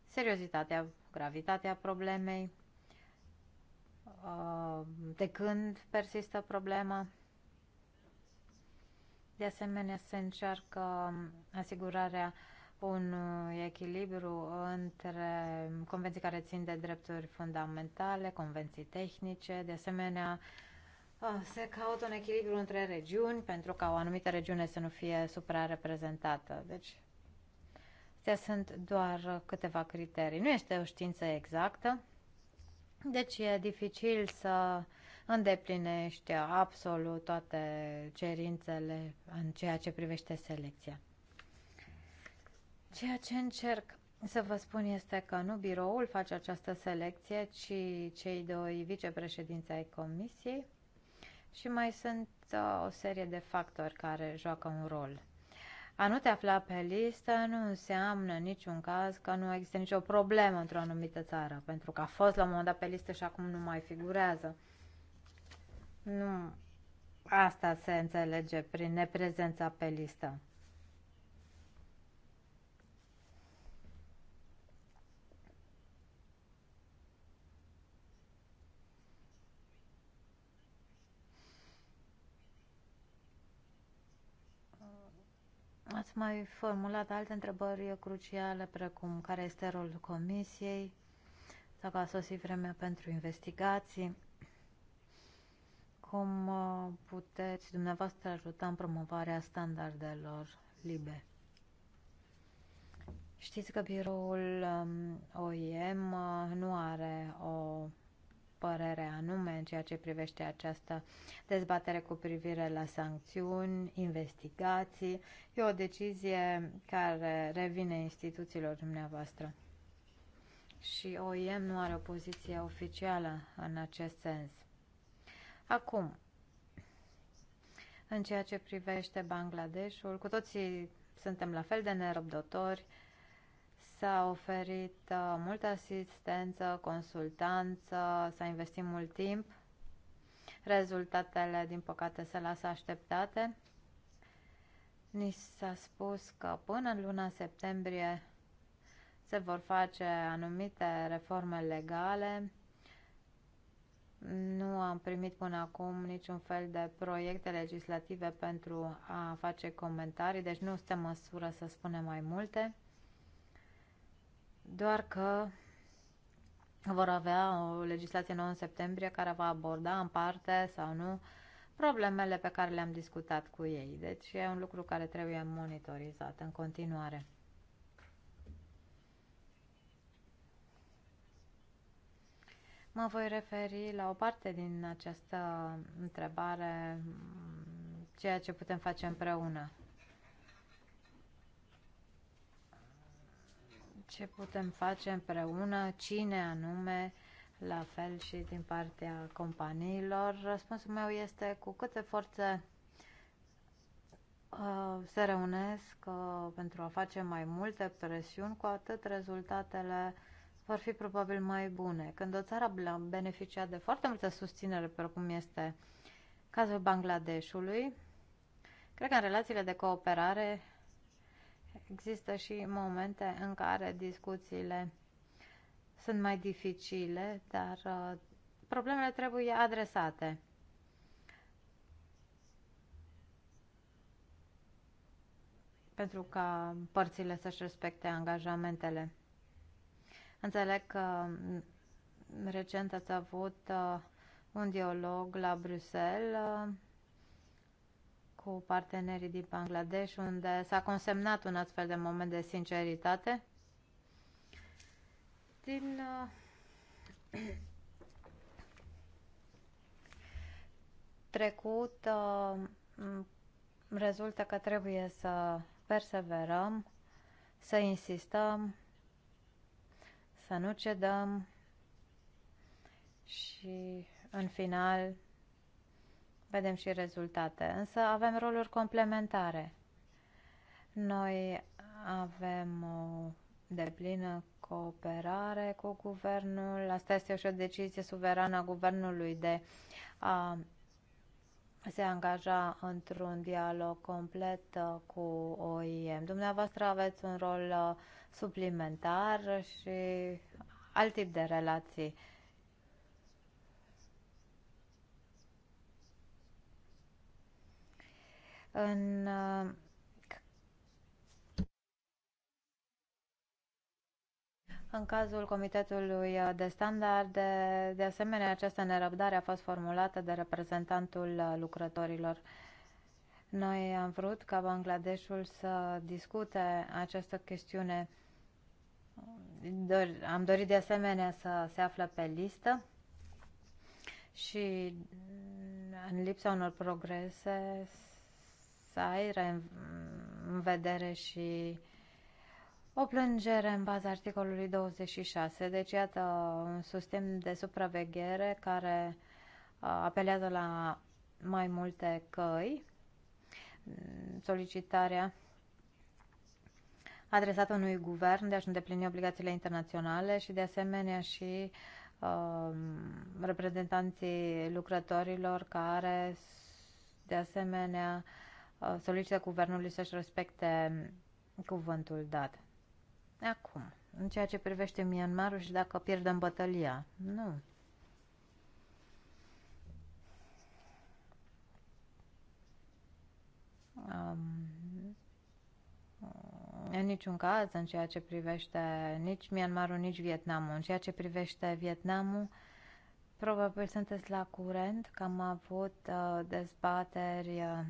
seriozitatea, gravitatea problemei, uh, de când persistă problema. De asemenea, se încearcă asigurarea un uh, echilibru între convenții care țin de drepturi fundamentale, convenții tehnice, de asemenea uh, se caută un echilibru între regiuni pentru ca o anumită regiune să nu fie suprareprezentată. Deci Acestea sunt doar câteva criterii. Nu este o știință exactă, deci e dificil să îndeplinește absolut toate cerințele în ceea ce privește selecția. Ceea ce încerc să vă spun este că nu biroul face această selecție, ci cei doi vicepreședinți ai comisiei și mai sunt uh, o serie de factori care joacă un rol. A nu te afla pe listă nu înseamnă în niciun caz că nu există nicio problemă într-o anumită țară, pentru că a fost la un moment dat pe listă și acum nu mai figurează. Nu asta se înțelege prin neprezența pe listă. mai formulat alte întrebări cruciale, precum care este rolul comisiei dacă că a sosit vremea pentru investigații. Cum uh, puteți dumneavoastră ajuta în promovarea standardelor libe? Știți că biroul OIM um, uh, nu are o părere anume în ceea ce privește această dezbatere cu privire la sancțiuni, investigații. E o decizie care revine instituțiilor dumneavoastră. Și OIM nu are o poziție oficială în acest sens. Acum, în ceea ce privește Bangladeshul, cu toții suntem la fel de nerăbdători S-a oferit uh, multă asistență, consultanță, s-a investit mult timp. Rezultatele, din păcate, se lasă așteptate. Ni s-a spus că până în luna septembrie se vor face anumite reforme legale. Nu am primit până acum niciun fel de proiecte legislative pentru a face comentarii, deci nu suntem măsură să spunem mai multe doar că vor avea o legislație nouă în septembrie care va aborda în parte sau nu problemele pe care le-am discutat cu ei. Deci e un lucru care trebuie monitorizat în continuare. Mă voi referi la o parte din această întrebare, ceea ce putem face împreună. ce putem face împreună, cine anume, la fel și din partea companiilor. Răspunsul meu este cu câte forțe uh, se reunesc uh, pentru a face mai multe presiuni, cu atât rezultatele vor fi probabil mai bune. Când o țară a beneficiat de foarte multă susținere, precum este cazul Bangladeshului, cred că în relațiile de cooperare Există și momente în care discuțiile sunt mai dificile, dar uh, problemele trebuie adresate. pentru ca părțile să-și respecte angajamentele. Înțeleg că mm, recent ați avut uh, un dialog la Bruxelles uh, cu partenerii din Bangladesh, unde s-a consemnat un astfel de moment de sinceritate. Din uh, trecut uh, rezultă că trebuie să perseverăm, să insistăm, să nu cedăm și în final vedem și rezultate. Însă avem roluri complementare. Noi avem o deplină cooperare cu guvernul. Asta este și o decizie suverană a guvernului de a se angaja într-un dialog complet uh, cu OIM. Dumneavoastră aveți un rol uh, suplimentar și alt tip de relații în în cazul Comitetului de Standarde, de asemenea, această nerăbdare a fost formulată de reprezentantul lucrătorilor. Noi am vrut ca Bangladeshul să discute această chestiune. Am dorit de asemenea să se află pe listă și în lipsa unor progrese să aibă în vedere și o plângere în baza articolului 26. Deci, iată, un sistem de supraveghere care uh, apelează la mai multe căi. Solicitarea adresată unui guvern de a-și îndeplini obligațiile internaționale și de asemenea și uh, reprezentanții lucrătorilor care de asemenea Uh, solicită guvernului să-și respecte cuvântul dat. Acum, în ceea ce privește Myanmarul și dacă pierdem bătălia, nu. Um, în niciun caz, în ceea ce privește nici Myanmarul, nici Vietnamul. În ceea ce privește Vietnamul, probabil sunteți la curent că am avut uh, dezbateri uh,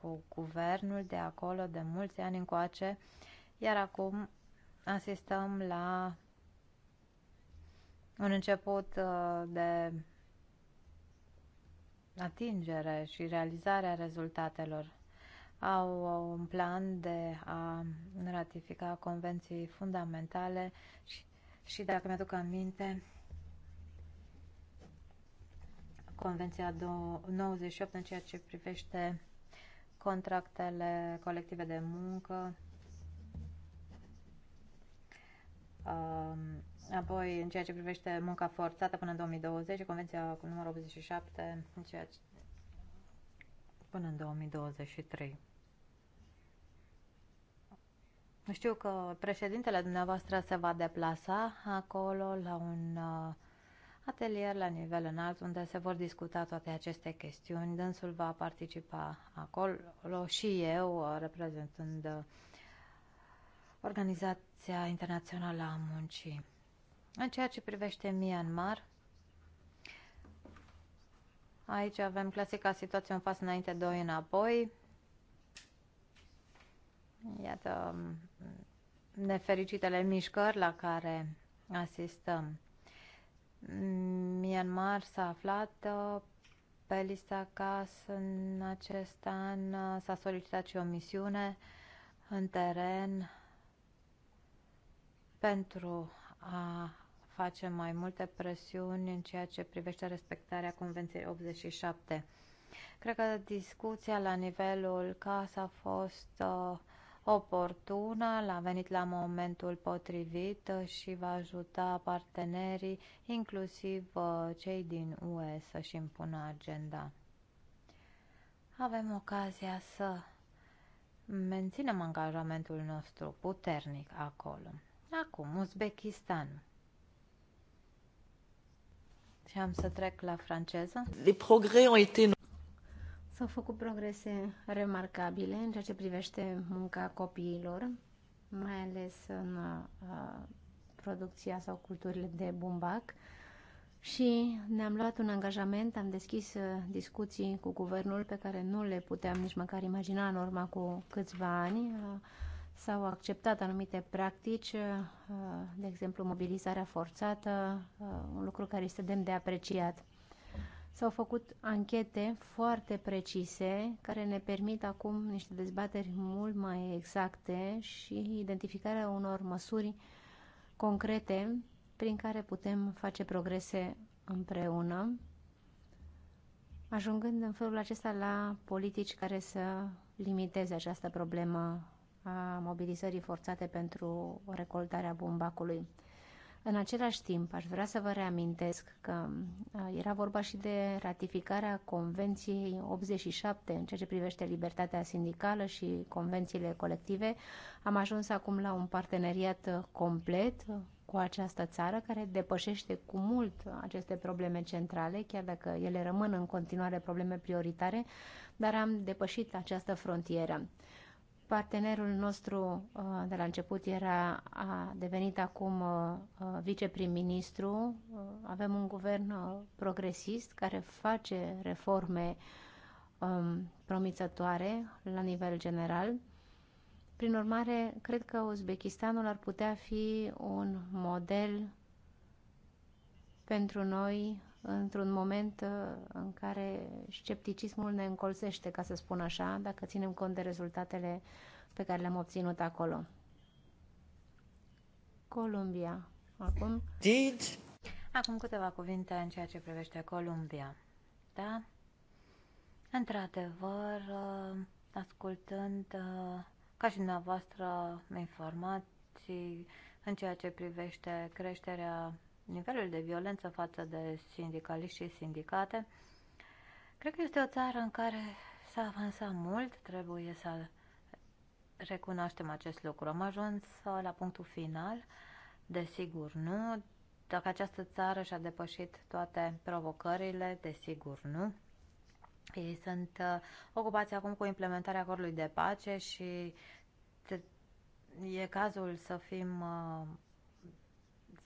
cu guvernul de acolo de mulți ani încoace, iar acum asistăm la un început uh, de atingere și realizarea rezultatelor. Au un plan de a ratifica convenții fundamentale și, și dacă mi-aduc aminte, Convenția 98 în ceea ce privește contractele colective de muncă, um, apoi în ceea ce privește munca forțată până în 2020, Convenția cu numărul 87, în ceea ce... până în 2023. Știu că președintele dumneavoastră se va deplasa acolo la un uh, atelier la nivel înalt unde se vor discuta toate aceste chestiuni. Dânsul va participa acolo și eu, reprezentând Organizația Internațională a Muncii. În ceea ce privește Myanmar, aici avem clasica situație un pas înainte, doi înapoi. Iată nefericitele mișcări la care asistăm. Myanmar s-a aflat uh, pe lista CAS în acest an. Uh, s-a solicitat și o misiune în teren pentru a face mai multe presiuni în ceea ce privește respectarea Convenției 87. Cred că discuția la nivelul CAS a fost uh, oportună, l-a venit la momentul potrivit și va ajuta partenerii, inclusiv uh, cei din UE, să-și impună agenda. Avem ocazia să menținem angajamentul nostru puternic acolo. Acum, Uzbekistan. Și am să trec la franceză. Les progrès ont été S-au făcut progrese remarcabile în ceea ce privește munca copiilor, mai ales în uh, producția sau culturile de bumbac și ne-am luat un angajament, am deschis uh, discuții cu guvernul pe care nu le puteam nici măcar imagina în urma cu câțiva ani. Uh, s-au acceptat anumite practici, de exemplu mobilizarea forțată, un lucru care este demn de apreciat. S-au făcut anchete foarte precise care ne permit acum niște dezbateri mult mai exacte și identificarea unor măsuri concrete prin care putem face progrese împreună, ajungând în felul acesta la politici care să limiteze această problemă a mobilizării forțate pentru recoltarea bumbacului. În același timp, aș vrea să vă reamintesc că uh, era vorba și de ratificarea Convenției 87 în ceea ce privește libertatea sindicală și convențiile colective. Am ajuns acum la un parteneriat uh, complet uh, cu această țară care depășește cu mult aceste probleme centrale, chiar dacă ele rămân în continuare probleme prioritare, dar am depășit această frontieră. Partenerul nostru uh, de la început era, a devenit acum uh, uh, viceprim-ministru. Avem un guvern progresist care face reforme um, promițătoare la nivel general. Prin urmare, cred că Uzbekistanul ar putea fi un model pentru noi într-un moment uh, în care scepticismul ne încolsește, ca să spun așa, dacă ținem cont de rezultatele pe care le-am obținut acolo. Columbia. Acum... Did... Acum câteva cuvinte în ceea ce privește Columbia. Da? Într-adevăr, uh, ascultând uh, ca și dumneavoastră informații în ceea ce privește creșterea nivelul de violență față de sindicaliști și sindicate, cred că este o țară în care s-a avansat mult, trebuie să recunoaștem acest lucru. Am ajuns la punctul final, desigur nu. Dacă această țară și-a depășit toate provocările, desigur nu. Ei sunt uh, ocupați acum cu implementarea acordului de pace și e cazul să fim uh,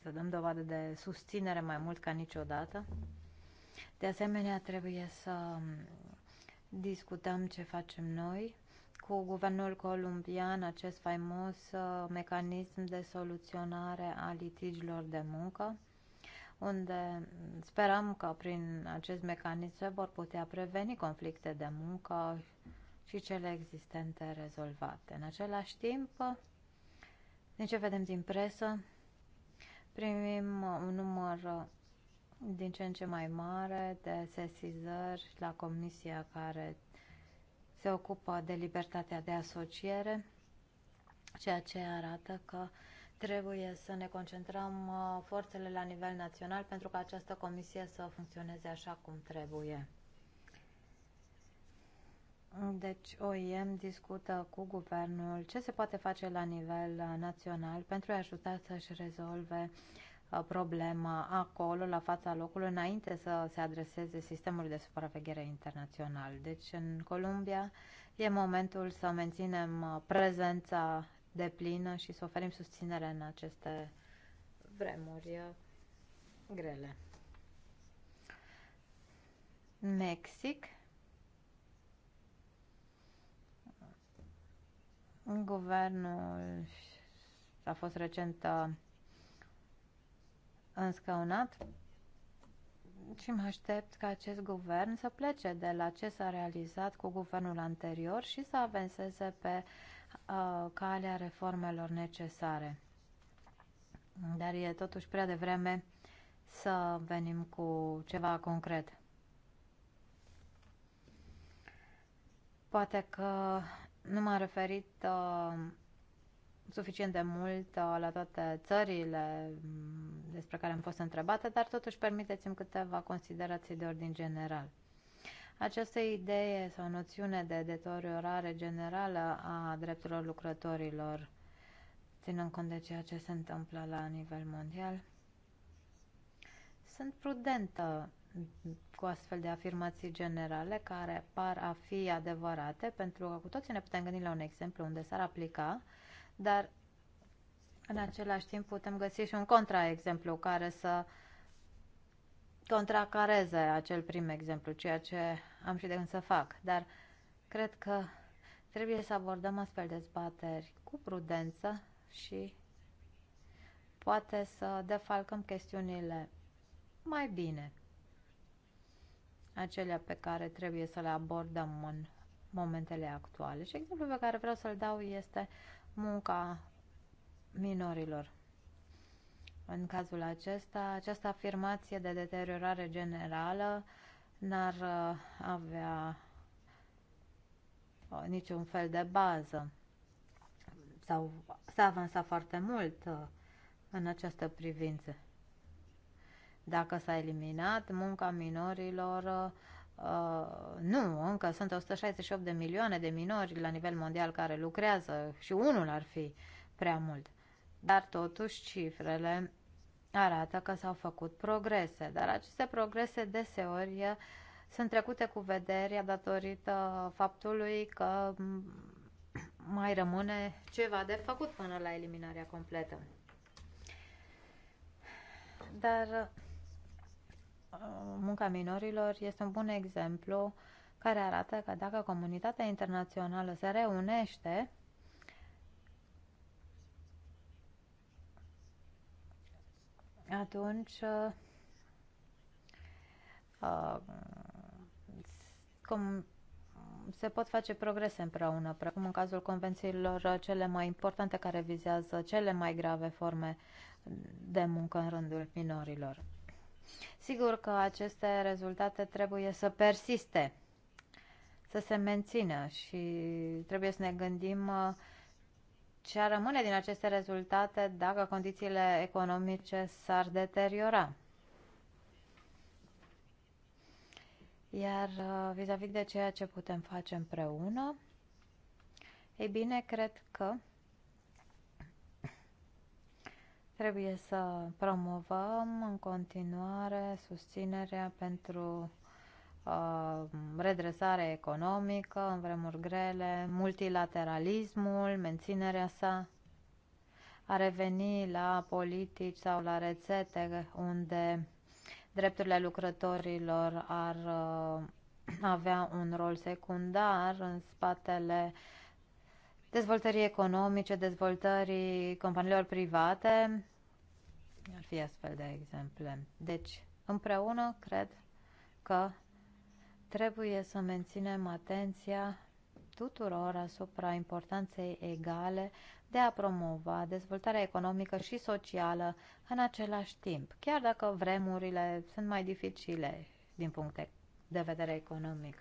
să dăm dovadă de susținere mai mult ca niciodată. De asemenea, trebuie să discutăm ce facem noi cu guvernul columbian, acest faimos uh, mecanism de soluționare a litigilor de muncă, unde sperăm că prin acest mecanism se vor putea preveni conflicte de muncă și cele existente rezolvate. În același timp, din ce vedem din presă, primim un număr din ce în ce mai mare de sesizări la comisia care se ocupă de libertatea de asociere, ceea ce arată că trebuie să ne concentrăm uh, forțele la nivel național pentru ca această comisie să funcționeze așa cum trebuie. Deci OIM discută cu guvernul ce se poate face la nivel uh, național pentru a ajuta să-și rezolve uh, problema acolo, la fața locului, înainte să se adreseze sistemului de supraveghere internațional. Deci în Columbia e momentul să menținem uh, prezența de plină și să oferim susținere în aceste vremuri grele. Mexic În guvernul a fost recent uh, înscăunat și mă aștept ca acest guvern să plece de la ce s-a realizat cu guvernul anterior și să avanseze pe uh, calea reformelor necesare. Dar e totuși prea devreme să venim cu ceva concret. Poate că nu m-am referit uh, suficient de mult uh, la toate țările mm, despre care am fost întrebată, dar totuși permiteți-mi câteva considerații de ordin general. Această idee sau noțiune de deteriorare generală a drepturilor lucrătorilor, ținând cont de ceea ce se întâmplă la nivel mondial, sunt prudentă cu astfel de afirmații generale care par a fi adevărate, pentru că cu toții ne putem gândi la un exemplu unde s-ar aplica, dar în același timp putem găsi și un contraexemplu care să contracareze acel prim exemplu, ceea ce am și de gând să fac. Dar cred că trebuie să abordăm astfel zbateri cu prudență și poate să defalcăm chestiunile mai bine acelea pe care trebuie să le abordăm în momentele actuale. Și exemplul pe care vreau să-l dau este munca minorilor. În cazul acesta, această afirmație de deteriorare generală n-ar uh, avea uh, niciun fel de bază. Sau s-a avansat foarte mult uh, în această privință. Dacă s-a eliminat munca minorilor, Uh, nu, încă sunt 168 de milioane de minori la nivel mondial care lucrează și unul ar fi prea mult. Dar totuși cifrele arată că s-au făcut progrese, dar aceste progrese deseori sunt trecute cu vederea datorită faptului că mai rămâne ceva de făcut până la eliminarea completă. Dar munca minorilor este un bun exemplu care arată că dacă comunitatea internațională se reunește, atunci uh, uh, cum se pot face progrese împreună, precum în cazul convențiilor cele mai importante care vizează cele mai grave forme de muncă în rândul minorilor. Sigur că aceste rezultate trebuie să persiste, să se mențină și trebuie să ne gândim uh, ce ar rămâne din aceste rezultate dacă condițiile economice s-ar deteriora. Iar uh, vis-a-vis -vis de ceea ce putem face împreună, ei bine, cred că Trebuie să promovăm în continuare susținerea pentru uh, redresare economică în vremuri grele, multilateralismul, menținerea sa, a reveni la politici sau la rețete unde drepturile lucrătorilor ar uh, avea un rol secundar în spatele uh, dezvoltării economice, dezvoltării companiilor private. Ar fi astfel de exemple. Deci, împreună, cred că trebuie să menținem atenția tuturor asupra importanței egale de a promova dezvoltarea economică și socială în același timp, chiar dacă vremurile sunt mai dificile din punct de vedere economic.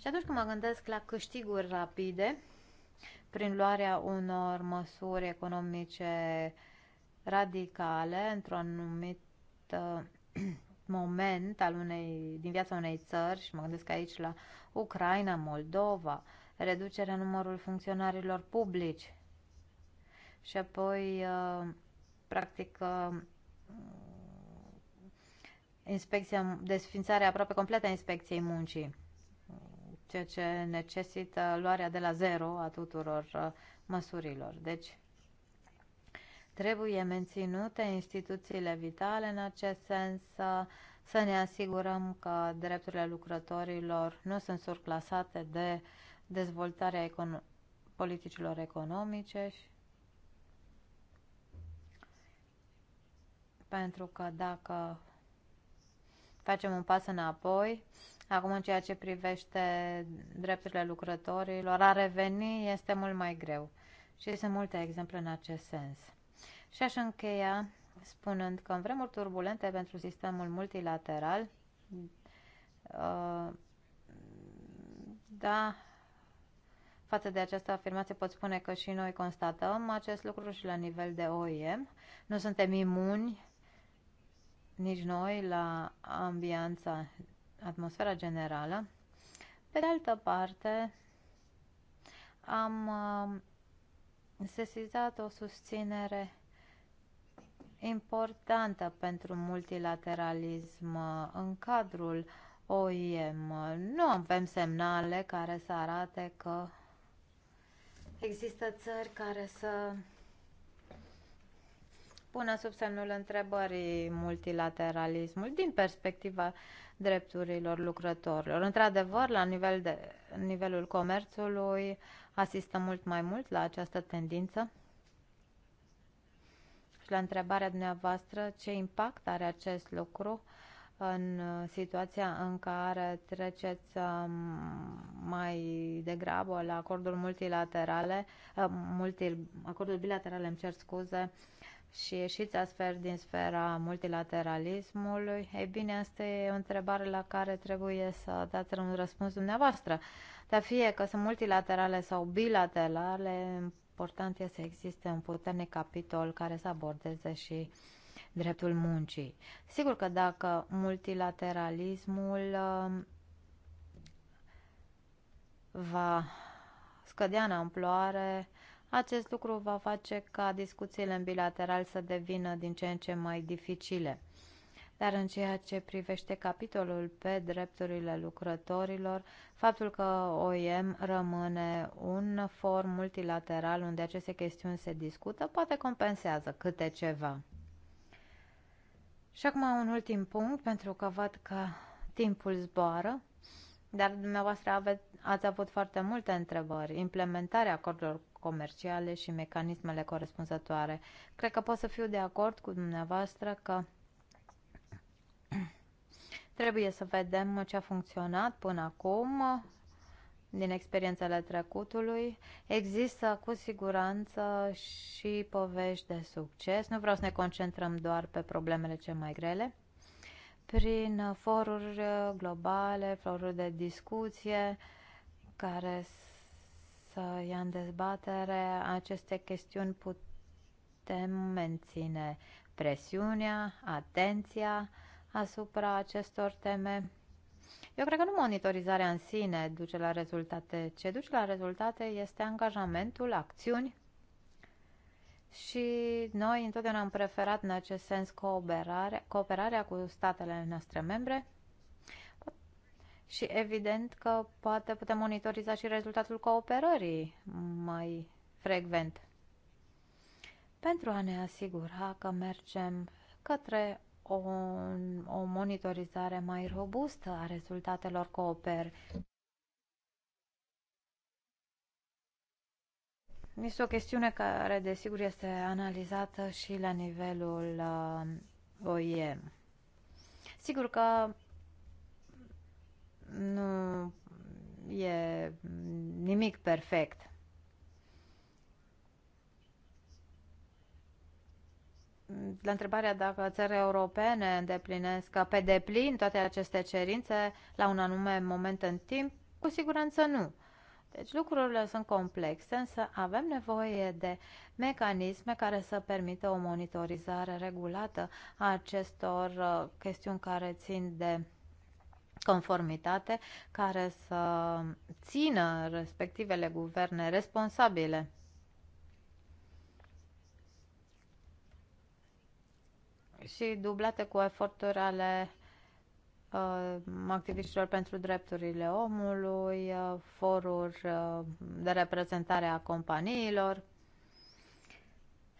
Și atunci când mă gândesc la câștiguri rapide, prin luarea unor măsuri economice radicale într-un anumit uh, moment al unei, din viața unei țări și mă gândesc aici la Ucraina, Moldova, reducerea numărului funcționarilor publici și apoi uh, practic uh, inspecția, desfințarea aproape completă a inspecției muncii ceea ce necesită luarea de la zero a tuturor uh, măsurilor. Deci, trebuie menținute instituțiile vitale în acest sens, să ne asigurăm că drepturile lucrătorilor nu sunt surclasate de dezvoltarea econo- politicilor economice și pentru că dacă facem un pas înapoi. Acum, în ceea ce privește drepturile lucrătorilor, a reveni este mult mai greu. Și sunt multe exemple în acest sens. Și aș încheia spunând că în vremuri turbulente pentru sistemul multilateral, uh, da, față de această afirmație pot spune că și noi constatăm acest lucru și la nivel de OIM. Nu suntem imuni nici noi la ambianța, atmosfera generală. Pe de altă parte, am um, sesizat o susținere importantă pentru multilateralism uh, în cadrul OIM. Nu avem semnale care să arate că există țări care să pune sub semnul întrebării multilateralismul din perspectiva drepturilor lucrătorilor. Într-adevăr, la nivel de, nivelul comerțului asistăm mult mai mult la această tendință. Și la întrebarea dumneavoastră, ce impact are acest lucru în situația în care treceți um, mai degrabă la acordul multilaterale, uh, multi, acordul bilaterale, îmi cer scuze, și ieșiți astfel din sfera multilateralismului, e bine, asta e o întrebare la care trebuie să dați un răspuns dumneavoastră. Dar fie că sunt multilaterale sau bilaterale, important este să existe un puternic capitol care să abordeze și dreptul muncii. Sigur că dacă multilateralismul um, va scădea în amploare, acest lucru va face ca discuțiile în bilateral să devină din ce în ce mai dificile. Dar în ceea ce privește capitolul pe drepturile lucrătorilor, faptul că OIM rămâne un forum multilateral unde aceste chestiuni se discută, poate compensează câte ceva. Și acum un ultim punct, pentru că văd că timpul zboară, dar dumneavoastră ave, ați avut foarte multe întrebări. Implementarea acordurilor comerciale și mecanismele corespunzătoare. Cred că pot să fiu de acord cu dumneavoastră că trebuie să vedem ce a funcționat până acum din experiențele trecutului. Există cu siguranță și povești de succes. Nu vreau să ne concentrăm doar pe problemele cele mai grele. Prin foruri globale, foruri de discuție, care să ia în dezbatere aceste chestiuni, putem menține presiunea, atenția asupra acestor teme. Eu cred că nu monitorizarea în sine duce la rezultate. Ce duce la rezultate este angajamentul, acțiuni și noi întotdeauna am preferat în acest sens cooperare, cooperarea cu statele noastre membre și evident că poate putem monitoriza și rezultatul cooperării mai frecvent pentru a ne asigura că mergem către o, o monitorizare mai robustă a rezultatelor cooper. Este o chestiune care, desigur, este analizată și la nivelul uh, OIM. Sigur că nu e nimic perfect. La întrebarea dacă țările europene îndeplinesc pe deplin toate aceste cerințe la un anume moment în timp, cu siguranță nu. Deci lucrurile sunt complexe, însă avem nevoie de mecanisme care să permită o monitorizare regulată a acestor uh, chestiuni care țin de conformitate care să țină respectivele guverne responsabile. și dublate cu eforturi ale uh, activiștilor pentru drepturile omului, uh, foruri uh, de reprezentare a companiilor.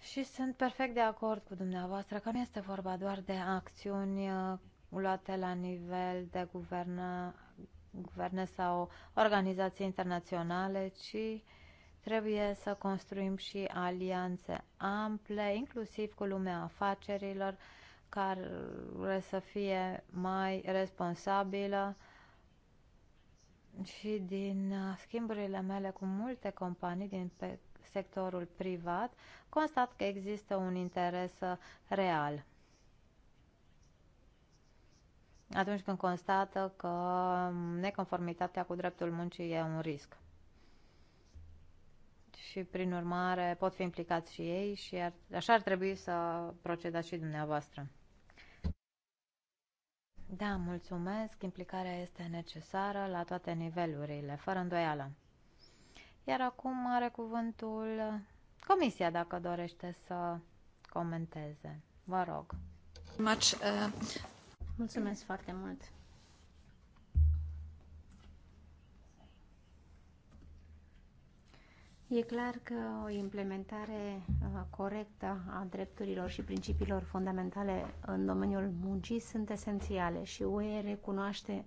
Și sunt perfect de acord cu dumneavoastră că nu este vorba doar de acțiuni uh, luate la nivel de guvernă, guverne sau organizații internaționale, ci trebuie să construim și alianțe ample, inclusiv cu lumea afacerilor, care să fie mai responsabilă și din schimburile mele cu multe companii din sectorul privat, constat că există un interes real atunci când constată că neconformitatea cu dreptul muncii e un risc. Și, prin urmare, pot fi implicați și ei și ar, așa ar trebui să procedați și dumneavoastră. Da, mulțumesc. Implicarea este necesară la toate nivelurile, fără îndoială. Iar acum are cuvântul comisia, dacă dorește să comenteze. Vă rog. Much, uh, Mulțumesc foarte mult! E clar că o implementare uh, corectă a drepturilor și principiilor fundamentale în domeniul muncii sunt esențiale și UE recunoaște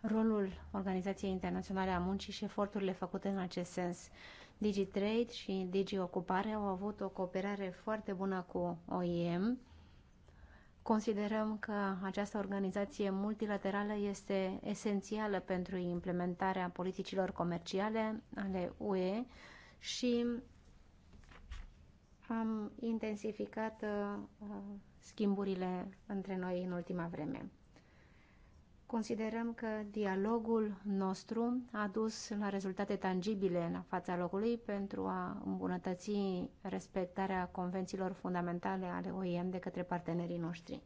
rolul Organizației Internaționale a Muncii și eforturile făcute în acest sens. DigiTrade și DigiOcupare au avut o cooperare foarte bună cu OIM Considerăm că această organizație multilaterală este esențială pentru implementarea politicilor comerciale ale UE și am intensificat uh, schimburile între noi în ultima vreme. Considerăm că dialogul nostru a dus la rezultate tangibile în fața locului pentru a îmbunătăți respectarea convențiilor fundamentale ale OIM de către partenerii noștri.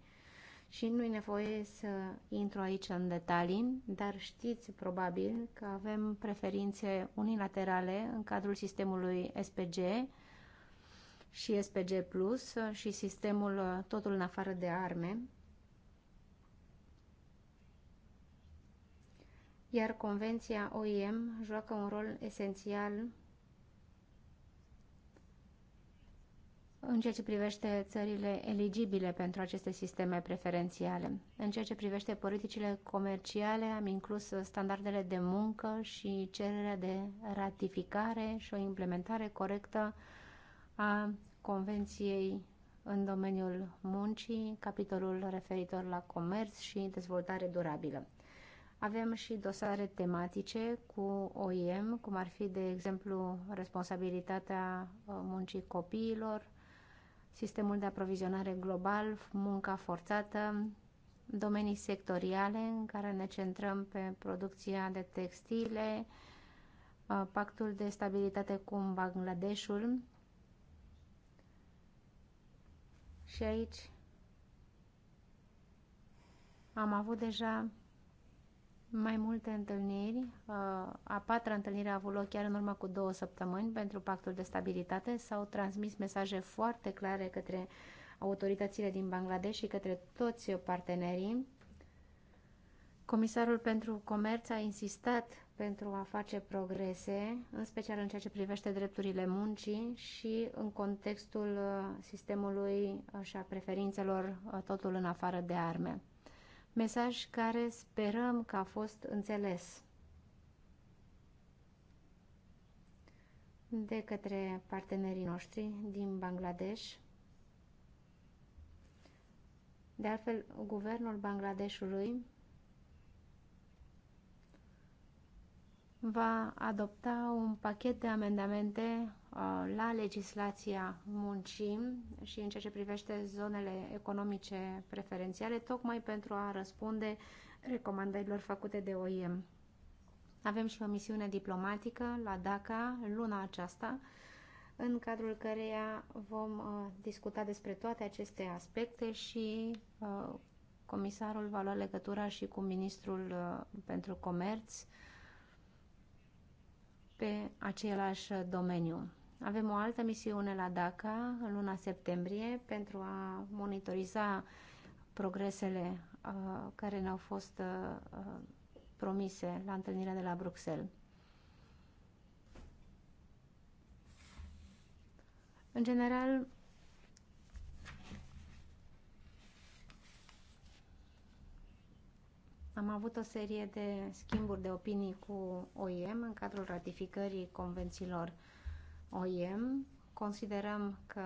Și nu e nevoie să intru aici în detalii, dar știți probabil că avem preferințe unilaterale în cadrul sistemului SPG și SPG Plus și sistemul Totul în afară de arme, iar Convenția OIM joacă un rol esențial în ceea ce privește țările eligibile pentru aceste sisteme preferențiale. În ceea ce privește politicile comerciale, am inclus standardele de muncă și cererea de ratificare și o implementare corectă a Convenției în domeniul muncii, capitolul referitor la comerț și dezvoltare durabilă. Avem și dosare tematice cu OIM, cum ar fi, de exemplu, responsabilitatea uh, muncii copiilor, sistemul de aprovizionare global, munca forțată, domenii sectoriale în care ne centrăm pe producția de textile, uh, pactul de stabilitate cu Bangladeshul. Și aici am avut deja mai multe întâlniri. Uh, a patra întâlnire a avut loc chiar în urmă cu două săptămâni pentru pactul de stabilitate. S-au transmis mesaje foarte clare către autoritățile din Bangladesh și către toți partenerii. Comisarul pentru Comerț a insistat pentru a face progrese, în special în ceea ce privește drepturile muncii și în contextul uh, sistemului și a preferințelor uh, totul în afară de arme mesaj care sperăm că a fost înțeles de către partenerii noștri din Bangladesh. De altfel, guvernul Bangladeshului va adopta un pachet de amendamente Uh, la legislația muncii și în ceea ce privește zonele economice preferențiale, tocmai pentru a răspunde recomandărilor făcute de OIM. Avem și o misiune diplomatică la DACA luna aceasta, în cadrul căreia vom uh, discuta despre toate aceste aspecte și uh, comisarul va lua legătura și cu ministrul pentru comerț pe același domeniu. Avem o altă misiune la DACA în luna septembrie pentru a monitoriza progresele uh, care ne-au fost uh, uh, promise la întâlnirea de la Bruxelles. În general, Am avut o serie de schimburi de opinii cu OIM în cadrul ratificării convențiilor OIM. Considerăm că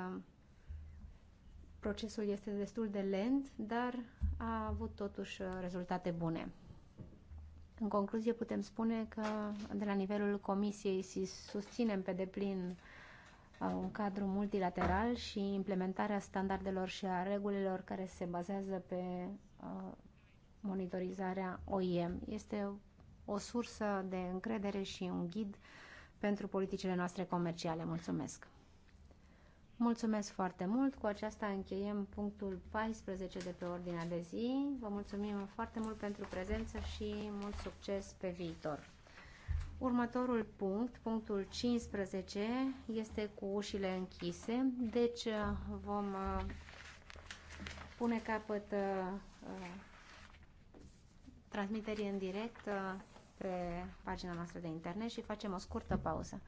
procesul este destul de lent, dar a avut totuși uh, rezultate bune. În concluzie putem spune că de la nivelul Comisiei susținem pe deplin uh, un cadru multilateral și implementarea standardelor și a regulilor care se bazează pe uh, monitorizarea OIM. Este o sursă de încredere și un ghid pentru politicile noastre comerciale. Mulțumesc! Mulțumesc foarte mult! Cu aceasta încheiem punctul 14 de pe ordinea de zi. Vă mulțumim foarte mult pentru prezență și mult succes pe viitor! Următorul punct, punctul 15, este cu ușile închise, deci uh, vom uh, pune capăt uh, transmiterii în direct pe pagina noastră de internet și facem o scurtă pauză.